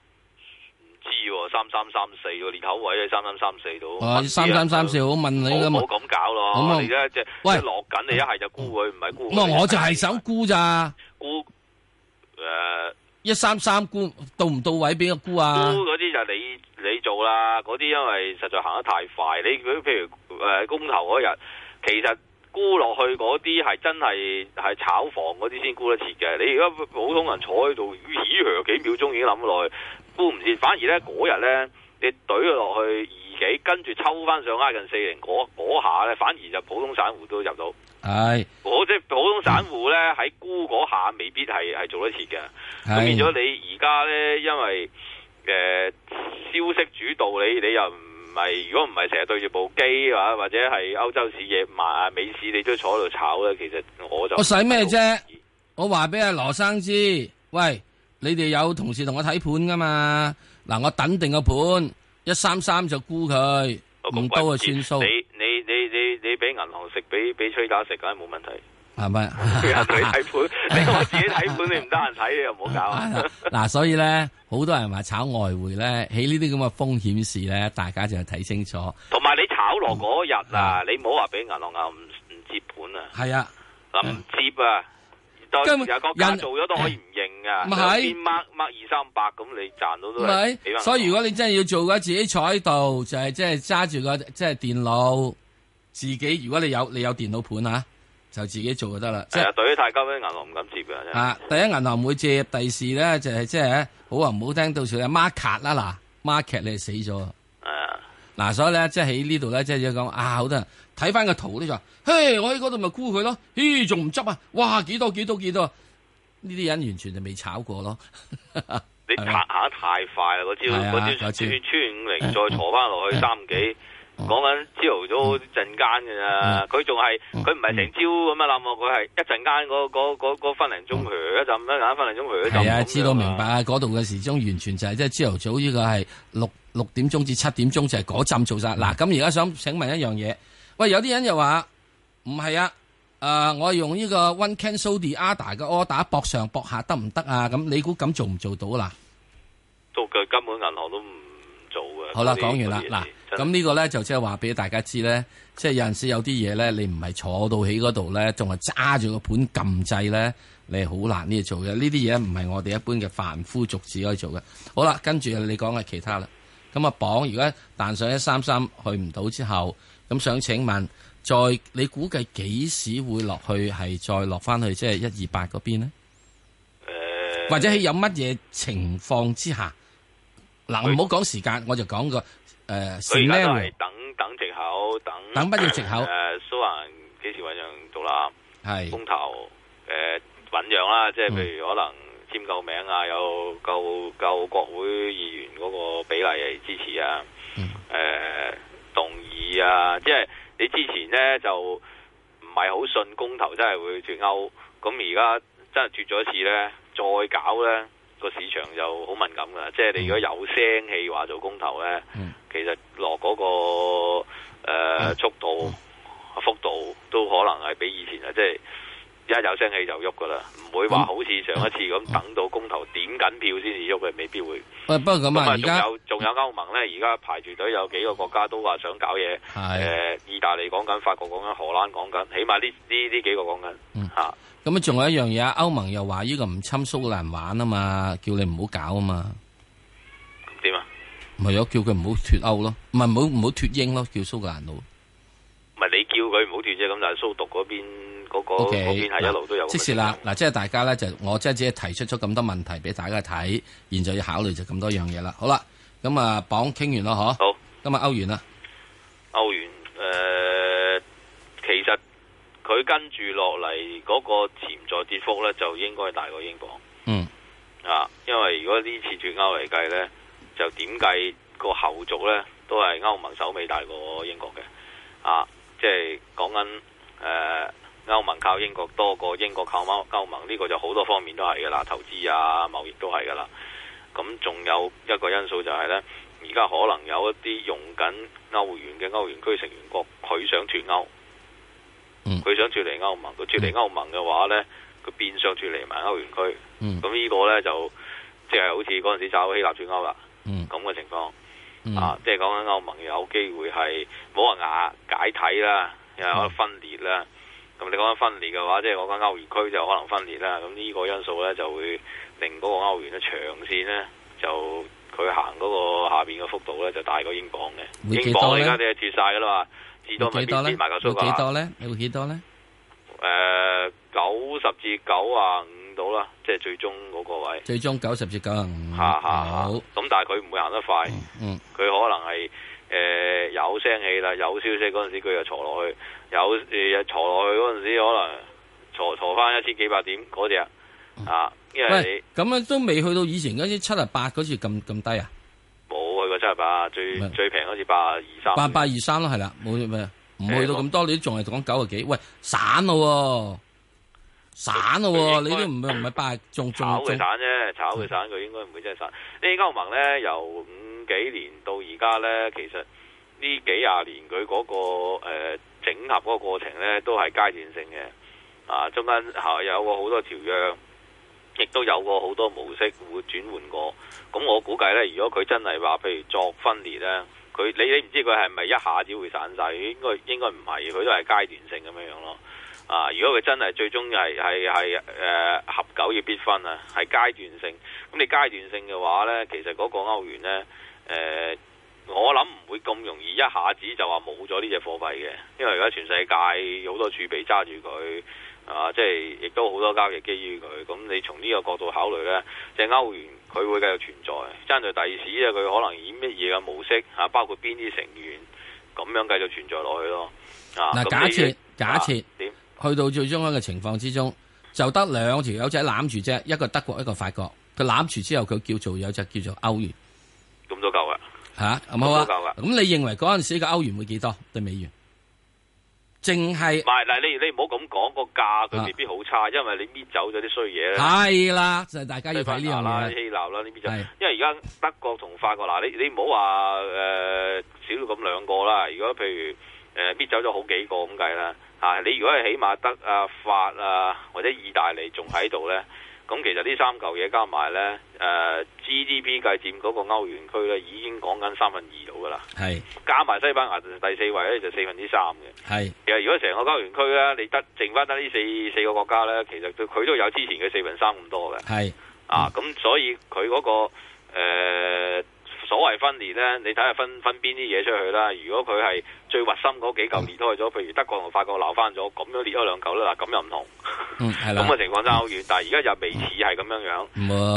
唔知喎，三三三四個，裂口位，三三三四到。三三三四，好問你咁啊。冇咁搞咯。咁啊，而家即係落緊你一係就沽佢，唔係沽。咁我就係想沽咋。沽誒。一三三沽到唔到位，邊個沽啊？沽嗰啲就你你做啦，嗰啲因為實在行得太快。你譬如誒、呃、公投嗰日，其實沽落去嗰啲係真係係炒房嗰啲先沽得切嘅。你而家普通人坐喺度，咦？幾秒鐘已經諗落去沽唔切，反而咧嗰日咧你懟懟落去二幾，跟住抽翻上挨近四零，嗰嗰下咧反而就普通散戶都入到。係，是我即係普通散戶咧，喺沽嗰下未必係係做得切嘅。咁變咗你而家咧，因為誒、呃、消息主導，你你又唔係，如果唔係成日對住部機啊，或者係歐洲市夜、美美市，你都坐喺度炒咧。其實我就我使咩啫？我話俾阿羅生知，喂，你哋有同事同我睇盤噶嘛？嗱，我等定個盤，一三三就沽佢，咁多啊，算數。俾銀行食，俾俾崔家食，梗係冇問題。係咪？ 你睇盤，你我自己睇盤，你唔得閒睇你又唔好搞啊！嗱、啊啊，所以咧，好多人話炒外匯咧，喺呢啲咁嘅風險事咧，大家就睇清楚。同埋你炒落嗰日啊，你唔好話俾銀行又唔唔接盤啊！係啊，唔接、啊啊、接啊，到時個價做咗都可以唔認啊！唔係變掹掹二三百咁，M AR, M AR 2, 300，你賺到都係。係，所以如果你真係要做嘅，自己坐喺度就係即係揸住個即係、就是就是、電腦。自己如果你有你有電腦盤啊，就自己做就得啦。對呀即係對於大家咧，銀行唔敢接嘅。啊，第一銀行唔會借，第時咧就係即係，好話唔好，好聽到時阿孖卡啦嗱，孖卡你死咗。係、啊、嗱、啊啊，所以咧即係喺呢度咧即係講啊，好多睇翻個圖都話，嘿，我喺嗰度咪估佢咯，咦，仲唔執啊？哇，幾多幾多幾多？呢啲人完全就未炒過咯。 你拍下太快啦，嗰啲。嗰招穿穿五零再坐翻落去三幾。 講緊朝頭早一陣間嘅啫，佢仲係佢唔係成朝咁樣諗喎，佢係一陣間嗰嗰嗰嗰分零鐘嘘一陣咧，等分零鐘嘘一陣。係啊，知道明白啊，嗰度嘅時鐘完全就係即係朝頭早呢個係六六點鐘至七點鐘就係嗰陣做晒。嗱，咁而家想請問一樣嘢，喂，有啲人又話唔係啊，誒，我用呢個 One Cancel the Other 嘅 order 搏上搏下得唔得啊？咁你估咁做唔做到啊？嗱，都嘅根本銀行都唔做嘅。好啦，講完啦，嗱。咁呢個咧就即係話俾大家知咧，即係有陣時有啲嘢咧，你唔係坐到起嗰度咧，仲係揸住個盤撳掣咧，你好難呢嘢做嘅。呢啲嘢唔係我哋一般嘅凡夫俗子可以做嘅。好啦，跟住你講下其他啦。咁啊，榜如果彈上一三三去唔到之後，咁想請問，再你估計幾時會落去？係再落翻去即係一二八嗰邊咧？或者喺有乜嘢情況之下？嗱，唔好講時間，我就講個。誒，而家都係等等藉口，等等乜嘢藉口。誒、呃，蘇雲幾時醞釀獨立？係是公投誒醞釀啦，即係譬如可能簽夠名啊，有夠夠國會議員嗰個比例嚟支持啊，誒動議啊，即係你之前咧就唔係好信公投真係會脱歐，咁而家真係脱咗一次咧，再搞咧。個市場就好敏感噶啦，即係你如果有聲氣話做公投呢，嗯、其實落嗰、嗰個誒、呃嗯、速度幅度都可能係比以前啊，即係一有聲氣就喐噶啦，唔會話好似上一次咁等到公投、嗯嗯、點緊票先至喐嘅，未必會。哎、不過咁啊，而家仲有仲在有歐盟呢，而家、嗯、排住隊有幾個國家都話想搞嘢，誒的、呃，意大利講緊，法國講緊，荷蘭講緊，起碼呢呢呢幾個講緊吓。啊啊咁啊，仲有一樣嘢，歐盟又話呢個唔侵蘇格蘭玩啊嘛，叫你唔好搞啊嘛。咁點啊？唔係啊，叫佢唔好脫歐咯，唔係唔好唔好脫英咯，叫蘇格蘭佬。唔係你叫佢唔好脫啫，咁但係蘇獨嗰邊嗰個邊係 Okay, 一路都有。即是啦，嗱，即係大家咧就我即係只係提出咗咁多問題俾大家睇，現在要考慮就咁多樣嘢啦。好啦，咁啊，榜傾完咯，嗬。好，今日歐元啦，歐元誒、呃，其實。佢跟住落嚟嗰個潛在跌幅呢，就應該大過英國。嗯啊，因為如果呢次脫歐嚟計呢，就點計個後續呢？都係歐盟首尾大過英國嘅。啊，即係講緊誒歐盟靠英國多過英國靠歐歐盟，呢個就好多方面都係㗎啦，投資啊貿易都係㗎啦。咁仲有一個因素就係呢，而家可能有一啲用緊歐元嘅歐元區成員國，佢想脫歐。佢、嗯、想脫離歐盟，佢脫離歐盟嘅話呢，佢變相脫離埋歐元區。咁呢、嗯、個呢，就即係好似嗰陣時搞希臘脫歐啦，咁嘅、嗯、情況、嗯、啊，即係講緊歐盟有機會係冇話解解體啦，又分裂啦。咁、嗯、你講分裂嘅話，即係講緊歐元區就可能分裂啦。咁呢個因素呢，就會令嗰個歐元嘅長線呢，就佢行嗰個下邊嘅幅度呢，就大過英鎊嘅。英鎊而家都係跌晒噶啦嘛。至多幾多咧？有幾多咧？有幾多咧？誒，九十至九啊五度啦，即係最終嗰個位。最終九十至九啊五。下下。好。咁但係佢唔會行得快。嗯。佢、嗯、可能係誒、呃、有聲氣啦，有消息嗰陣時佢又挫落去，有誒挫落去嗰陣時可能挫挫翻一千幾百點嗰隻啊。喂，咁樣都未去到以前嗰啲七啊八嗰次咁咁低啊？即係吧，最最平好似八二三，八八二三咯，係啦，冇咩的，唔去到咁多，嗯、你都仲係講九啊幾，喂，散咯、哦，散咯、哦，你都唔唔係八，仲重炒佢散啫，炒佢散，佢應該唔會真係散。的呢歐盟咧，由五幾年到而家咧，其實呢幾廿年佢、那、嗰個誒、呃、整合嗰個過程咧，都係階段性嘅，啊，中間係有個好多條約。亦都有過好多模式會轉換過，咁我估計呢，如果佢真係話，譬如作分裂呢，佢你你唔知佢係咪一下子會散晒，應該應該唔係，佢都係階段性咁樣樣咯。啊，如果佢真係最終係係係誒合久要必分啊，係階段性。咁你階段性嘅話呢，其實嗰個歐元呢，誒、呃、我諗唔會咁容易一下子就話冇咗呢隻貨幣嘅，因為而家全世界好多儲備揸住佢。啊，即係亦都好多交易基於佢。咁、嗯、你從呢個角度考慮咧，即係歐元佢會繼續存在，爭在第二時啊，佢可能以乜嘢嘅模式嚇、啊，包括邊啲成員咁樣繼續存在落去咯。啊，嗱、啊，嗯、假設、啊、假設點樣去到最終一個情況之中，就得兩條友仔攬住啫，一個德國一個法國，佢攬住之後佢叫做有隻叫做歐元，咁都夠㗎嚇，咁好啊。咁你認為嗰陣時嘅歐元會幾多對美元？淨係，嗱你你唔好咁講個價，佢未必好差，啊、因為你搣走咗啲衰嘢咧。係啦，就大家要睇啦，希臘啦，呢邊就，因為而家德國同法國，嗱你你唔好話誒少咗咁兩個啦，如果譬如誒搣、呃、走咗好幾個咁計啦，嚇、啊、你如果係起碼得阿、啊、法啊或者意大利仲喺度咧。 咁其實三呢三嚿嘢加埋呢誒 GDP 計佔嗰個歐元區呢，已經講緊三分二度噶啦，係是加埋西班牙第四位呢，就是、四分之三嘅，係是其實如果成個歐元區呢，你得剩翻得呢四四個國家呢，其實佢都有之前嘅四分三咁多嘅，係是啊，咁所以佢嗰、那個、呃所謂分裂咧，你睇下分分邊啲嘢出去啦。如果佢係最核心嗰幾嚿裂開咗，嗯、譬如德國同法國鬧翻咗，咁樣裂開兩嚿咧，嗱咁又唔同。咁嘅、嗯、 情況爭好遠，嗯、但係而家又未似係咁樣樣。咁、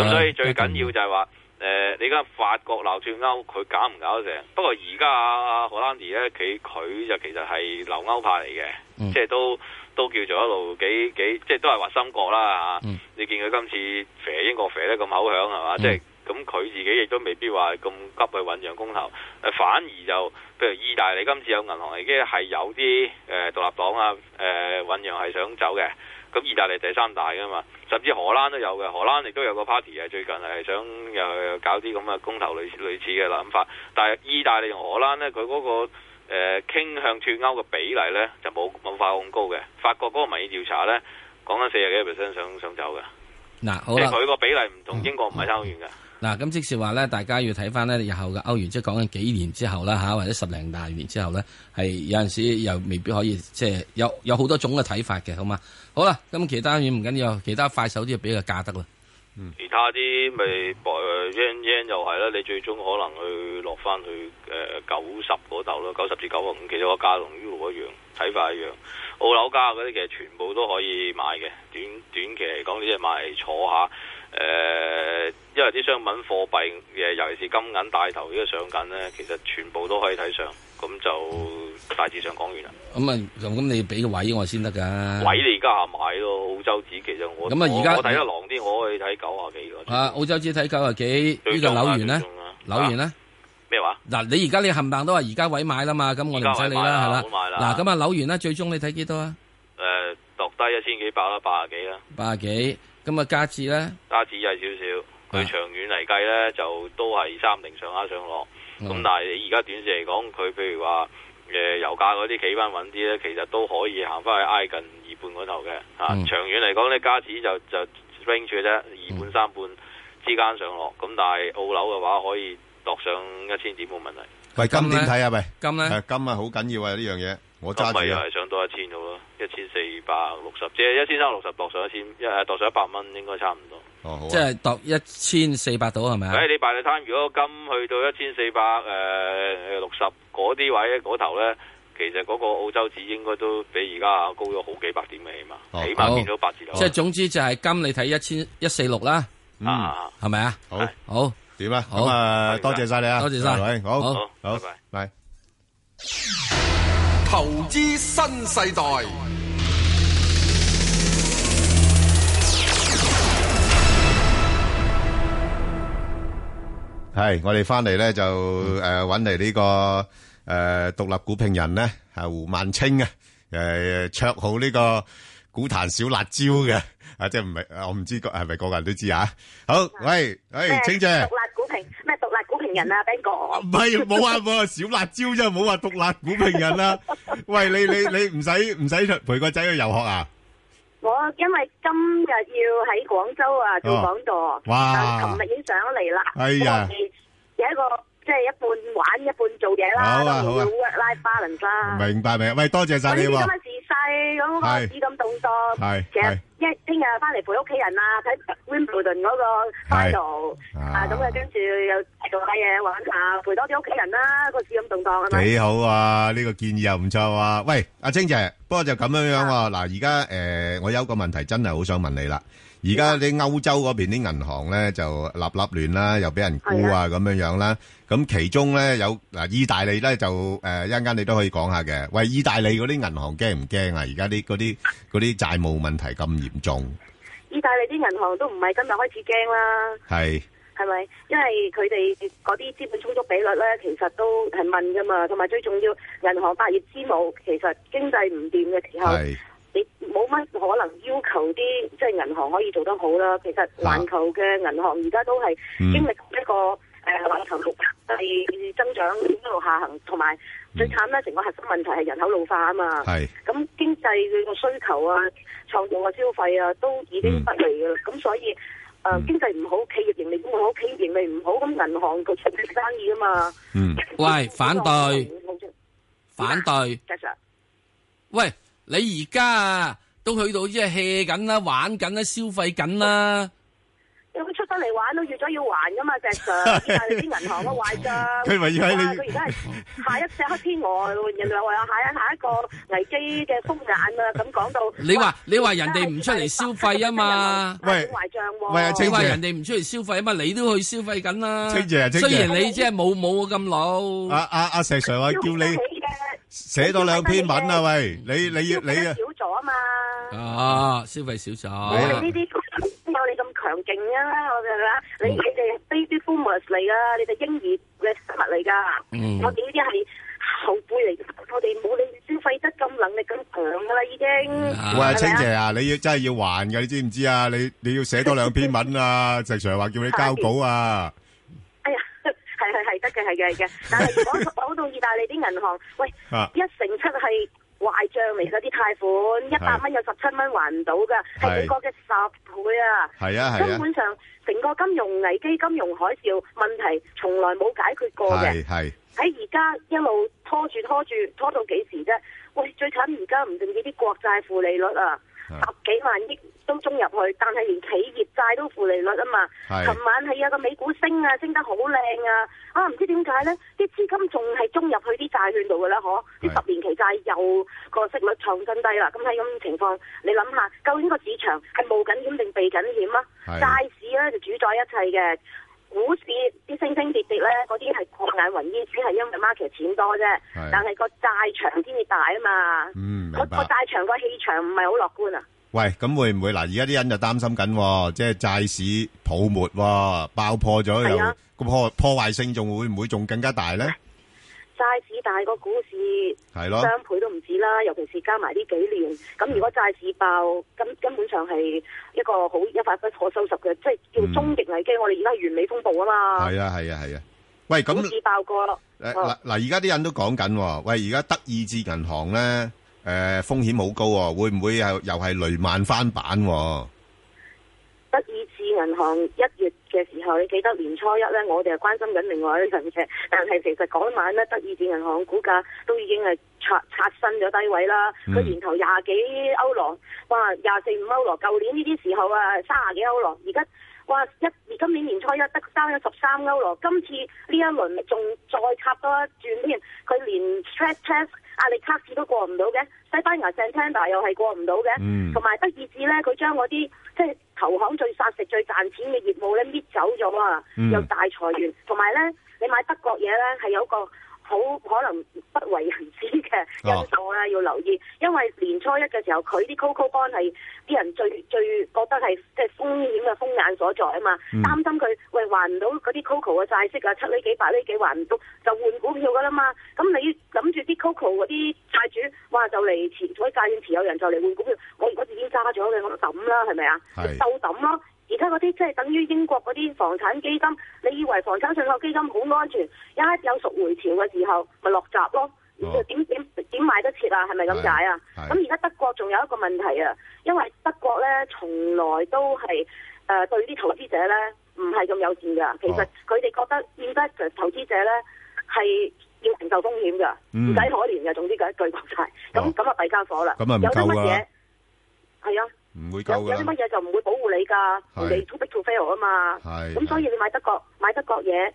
嗯、所以最緊要就係話，誒、嗯呃、你而家法國鬧串歐，佢搞唔搞得成？不過而家啊荷蘭弟咧，佢佢就其實係留歐派嚟嘅，嗯、即係都都叫做一路幾幾，即係都係核心國啦嚇。嗯嗯、你見佢今次肥英國肥得咁口響係嘛？即係是。嗯咁佢自己亦都未必話咁急去醖釀公投，誒反而就譬如意大利今次有銀行已經，係有啲誒獨立黨啊誒醖釀係想走嘅。咁意大利第三大噶嘛，甚至荷蘭都有嘅。荷蘭亦都有個 party 係最近係想又搞啲咁嘅公投類似類似嘅諗法。但係意大利同荷蘭呢，佢嗰、那個誒、呃、傾向脫歐嘅比例呢，就冇冇法咁高嘅。法國嗰個民意調查呢，講緊四十幾 percent 想想走嘅。嗱、啊，即係佢個比例唔同英國唔係差好遠嘅、嗯。嗯。嗱，咁即是話咧，大家要睇翻咧，日後嘅歐元，即係講緊幾年之後啦，吓、啊、或者十零大年之後咧，係有陣時又未必可以，即係有有好多種嘅睇法嘅，好嘛？好啦，咁其他嘢唔緊要，其他快手啲就俾個價得啦。嗯，其他啲咪 yen yen 又係啦，你最終可能去落翻去誒九十嗰度咯，九、呃、十至九十五，其實個價同 U 一樣，睇法一樣。澳樓價嗰啲其實全部都可以買嘅，短短期嚟講，呢隻買嚟坐下。誒，因為啲商品貨幣嘅，尤其是金銀帶頭呢個上緊咧，其實全部都可以睇上，咁就大致上講完啦。咁啊，咁你俾個位我先得噶。位你而家下買咯，澳洲紙其實我咁我睇得狼啲，我可以睇九啊幾個。啊，澳洲紙睇九啊幾，呢個紐元咧，紐元咧，咩話？嗱，你而家你冚唪唥都話而家位買啦嘛，咁我唔使你啦，係啦。嗱，咁啊紐元咧，最終你睇幾多啊？誒，落低一千幾百啦，八啊幾啦。八啊幾？咁啊，加指咧，加指就少少，佢長遠嚟計咧就都係三零上下上落。咁、嗯、但係你而家短線嚟講，佢譬如話誒油價嗰啲企翻穩啲咧，其實都可以行翻去挨近二半嗰頭嘅。嚇、啊，嗯、長遠嚟講咧，加指就就 range 嘅啫，二半三半之間上落。咁、嗯、但係澳樓嘅話，可以度上一千點冇問題。喂，金點睇啊？咪金咧？金啊，好緊要啊！呢樣嘢。我揸咪又係上多一千咗咯，一千四百六十，即係一千三六十，度上一千一，度上一百蚊，應該差唔多。哦，好。即係度一千四百到係咪啊？誒，你擺地攤，如果金去到一千四百誒六十，嗰啲位嗰頭咧，其實嗰個澳洲紙應該都比而家高咗好幾百點嘅起碼，起碼變咗百字。即係總之就係金，你睇一千一四六啦，啊，係咪啊？好，好，點啊？好，啊，多謝晒你啊！多謝晒，好，好，拜拜。投資新世代，係、hey, 我哋翻嚟咧就誒揾嚟呢個誒獨、呃、立股評人呢係、啊、胡萬清啊，誒綽號呢個股壇小辣椒嘅。啊，即係唔係？我唔知個係咪個個人都知啊？好，喂，喂，清姐，獨立股評咩？獨立股評人啊，邊個？唔係，冇啊，小辣椒就唔好話獨立股評人啦。喂，你你你唔使唔使陪個仔去遊學啊？我因為今日要喺廣州啊做講座，哇！琴日已經上咗嚟啦，係啊，有一個即係一半玩一半做嘢啦，都好 work life balance。明白未？喂，多謝晒你喎。細咁開始咁動蕩，其實一聽日翻嚟，陪屋企人啊，睇溫布爾頓嗰個 final，啊咁啊跟住又做下嘢，玩下，陪多啲屋企人啦，個市咁動蕩啊嘛，幾好啊，呢個建議又唔錯啊！喂，阿清姐，不過就咁樣樣啊，嗱，而家誒，我有個問題真係好想問你啦。而家啲歐洲嗰邊啲銀行咧就立立亂啦，又俾人沽啊咁樣樣啦。咁其中咧有嗱，意大利咧就誒一陣間，你都可以講下嘅。喂，意大利嗰啲銀行驚唔驚啊？而家啲嗰啲嗰啲債務問題咁嚴重。意大利啲銀行都唔係今日開始驚啦。係係咪？因為佢哋嗰啲資本充足比率咧，其實都係問噶嘛。同埋最重要，銀行百業之母，其實經濟唔掂嘅時候。你冇乜可能要求啲即係銀行可以做得好啦。其實環球嘅銀行而家都係經歷一個誒環、嗯呃、球速遞增長一路下行，同埋最慘咧，成個核心問題係人口老化啊嘛。係咁是經濟嘅需求啊、創造嘅消費啊都已經不利噶啦。咁、嗯、所以誒、呃、經濟唔好，企業盈利唔好，企業盈利唔好，咁銀行佢出咩生意啊嘛？嗯， 喂，反對，反對，yeah, yes 喂。你而家啊，都去到即係 hea 緊啦、玩緊啦、消費緊啦。如果出得嚟玩都預咗要還噶嘛，石 Sir，依家啲銀行都壞賬。佢佢而家係下一隻黑天鵝，又話有下下一個危機嘅風險啊！咁講到，你話你話人哋唔出嚟消費啊嘛？喂，壞賬，喂你話人哋唔出嚟消費啊嘛？你都去消費緊啦。啊啊、雖然你即係冇冇咁老。啊，阿、啊、阿、啊、石 Sir 話叫你。啊啊啊啊啊寫多兩篇文啊喂、嗯，你你要你少咗啊嘛，啊消費少咗，冇你呢啲，邊有你咁強勁啊？我哋啊，你你哋 baby boomers 嚟噶，你哋嬰兒嘅生物嚟噶，我哋呢啲係後輩嚟，我哋冇你消費得咁能力咁強噶啦已經。喂，清姐啊，你要真係要還噶，你知唔知啊？你你要寫多兩篇文啊，直情話叫你交稿啊。嘅係嘅係嘅，但係如果保到意大利啲銀行，喂，啊、一成七係壞賬嚟嘅啲貸款，一百蚊有十七蚊還唔到噶，係美國嘅十倍啊！係啊根本上成個金融危機、金融海嘯問題從來冇解決過嘅，係喺而家一路拖住拖住拖，拖到幾時啫？喂，最慘而家唔淨係啲國債負利率啊！十幾萬億都中入去，但係連企業債都負利率啊嘛。琴是晚係有個美股升啊，升得好靚啊，啊唔知點解呢啲資金仲係中入去啲債券度噶啦，嗬、啊？啲是十年期債又個息率創新低啦。咁喺咁情況，你諗下，究竟個市場係冒緊險定避緊險啊？債是市呢就主宰一切嘅。股市啲升升跌跌咧，嗰啲係過眼雲煙，只係因為 market 錢多啫。的但係個債場先至大啊嘛。嗯，明白。個個債場個氣場唔係好樂觀啊。喂，咁會唔會嗱？而家啲人就擔心緊，即係債市泡沫、啊、爆破咗又破的破壞性仲會唔會仲更加大咧？債市，大過股市係咯，雙倍都唔止啦。尤其是加埋呢幾年，咁如果債市爆，根根本上係一個好一發不可收拾嘅，即係叫終極危機。嗯、我哋而家完美風暴啊嘛。係啊係啊係啊，啊，喂，咁市爆過啦。嗱嗱，啊，而家啲人都講緊，喂，而家德意志銀行咧，誒，呃，風險好高，會唔會又又係雷曼翻版？德意志銀行一月嘅時候，你記得年初一咧，我哋係關心緊另外一啲嘅嘢。但係其實嗰晚咧，德意志銀行股價都已經係刷刷新咗低位啦。佢年頭廿幾歐羅，哇，廿四五歐羅。舊年呢啲時候啊，三卅幾歐羅，而家哇，一而今年年初一得三十三歐羅。今次呢一輪仲再插多一轉添，佢連 stress test 壓力測試都過唔到嘅。西班牙正城聽下又係過唔到嘅，同埋德意志咧，佢將嗰啲即係投行最殺食最賺錢嘅業務咧搣走咗啊，又大裁員，同埋咧你買德國嘢咧係有個。好可能不為人知嘅因素咧，哦、要留意，因為年初一嘅時候，佢啲 Coco bond 係啲人最最覺得係即係風險嘅風眼所在啊嘛，擔、嗯、心佢喂還唔到嗰啲 Coco 嘅債息啊，七厘幾百厘幾還唔到，就換股票噶啦嘛，咁你諗住啲 Coco 嗰啲債主，哇就嚟前海債券持有人就嚟換股票，我如果自己揸咗嘅，咁抌啦係咪啊？就抌咯。是而家嗰啲即係等於英國嗰啲房產基金，你以為房產信託基金好安全，一有贖回潮嘅時候，咪落閘咯。然後點點買得切啊？係咪咁解啊？咁而家德國仲有一個問題啊，因為德國咧從來都係誒、呃、對啲投資者咧唔係咁友善噶。其實佢哋、哦、覺得應該投資者咧係要承受風險噶，唔使、嗯、可憐嘅。總之佢一句講曬，咁咁啊弊傢伙啦。哦、有啲乜嘢？係啊。會有有啲乜嘢就唔會保護你噶，你是 too big to fail 啊嘛，咁是所以你買德國買德國嘢，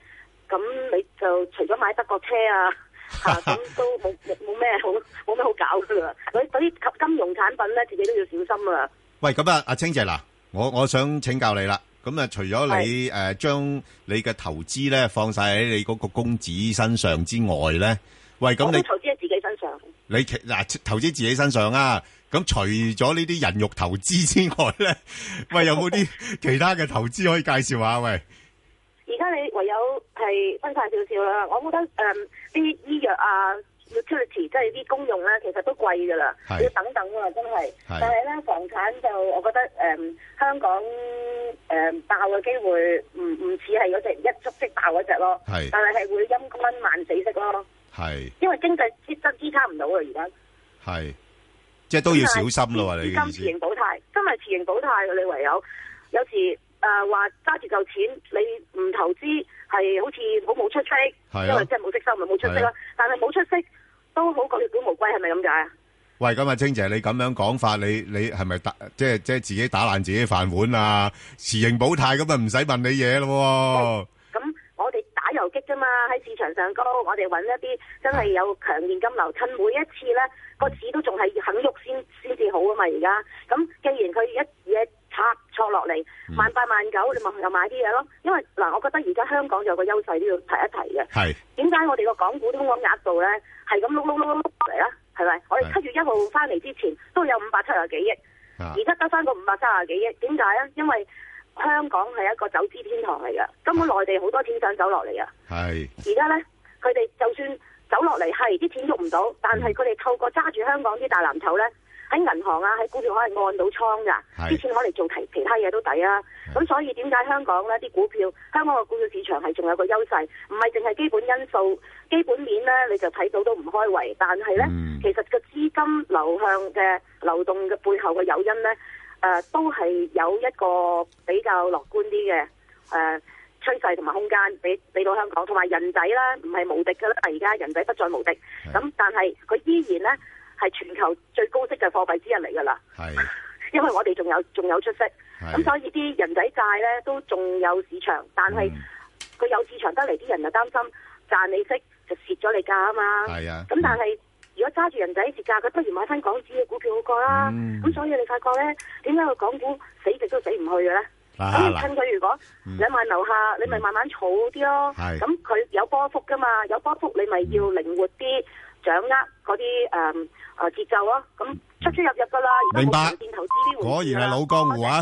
咁你就除咗買德國車啊，咁、 啊、都冇冇咩好冇咩好搞噶啦，嗰嗰啲金融產品咧，自己都要小心啊！喂，咁啊，阿青姐嗱，我我想請教你啦，咁啊，除咗你誒是、呃、將你嘅投資咧放晒喺你嗰個公子身上之外咧，喂，咁你投資喺自己身上，你嗱、啊、投資自己身上啊？咁除咗呢啲人肉投資之外咧，喂，有冇啲其他嘅投資可以介紹下？喂，而家你唯有係分散少少啦。我覺得誒，啲、呃、醫藥啊，utility 即係啲公用咧，其實都貴噶啦，要等等啊，真係。是但係咧，房產就我覺得誒、呃，香港誒、呃、爆嘅機會唔唔似係嗰隻一觸即爆嗰隻是咯，但係係會陰蚊慢死式咯，係因為經濟支撐支撐唔到啊，而家係。即係都要小心咯，你今次持盈保泰真係持盈保泰，你唯有有時，誒，話揸住嚿錢，你唔投資係好似好冇出息，因為即係冇息收咪冇出息咯。但係冇出息都好，好過血本無歸，係咪咁解？喂，咁名啊の，清姐，你咁樣講法，你你係咪打即係即係自己打爛自己飯碗啊？持盈保泰咁啊，唔使問你嘢咯。咁我哋打游擊啫嘛，喺市場上高，我哋揾一啲真係有強現金流，趁每一次咧。個市都仲係肯喐先先至好啊嘛！而家咁既然佢一嘢拆錯落嚟，萬八萬九，你咪又買啲嘢咯。因為嗱，我覺得而家香港有個優勢都要提一提嘅。係點解我哋個港股通咁額度咧係咁碌碌碌碌落嚟啦，係咪？我哋七月一號翻嚟之前都有五百七啊幾億，啊、而家得翻個五百三啊幾億？點解啊？因為香港係一個走資天堂嚟嘅，根本內地好多錢想走落嚟啊！係而家咧，佢哋就算，走落嚟，係啲錢用唔到，但係佢哋透過揸住香港啲大藍籌呢，喺銀行啊，喺股票可以按到倉噶，啲的錢可以做其其他嘢都抵啊。咁的所以點解香港呢啲股票，香港嘅股票市場係仲有個優勢，唔係淨係基本因素、基本面呢你就睇到都唔開圍，但係呢，嗯、其實個資金流向嘅流動嘅背後嘅誘因呢，誒、呃、都係有一個比較樂觀啲嘅誒。呃趨勢同埋空間俾俾到香港，同埋人仔啦，唔係無敵嘅啦，而家人仔不再無敵，咁是的 但係佢依然呢係全球最高息嘅貨幣之一嚟㗎啦，是的 因為我哋仲有仲有出息，咁是的 所以啲人仔債呢都仲有市場，但係佢有市場得嚟啲人就擔心賺你息就蝕咗你價啊嘛，咁的但係的、嗯、如果揸住人仔蝕價，佢不如買翻港紙嘅股票好過啦，咁、嗯、所以你發覺呢，點解佢港股死極都死唔去嘅呢？咁你趁佢如果兩萬樓下，你咪慢慢儲啲咯。咁佢有波幅噶嘛，有波幅你咪要靈活啲掌握嗰啲誒誒節奏咯。咁出出入入噶啦，而家變投資呢回事啊。果然係老江湖啊。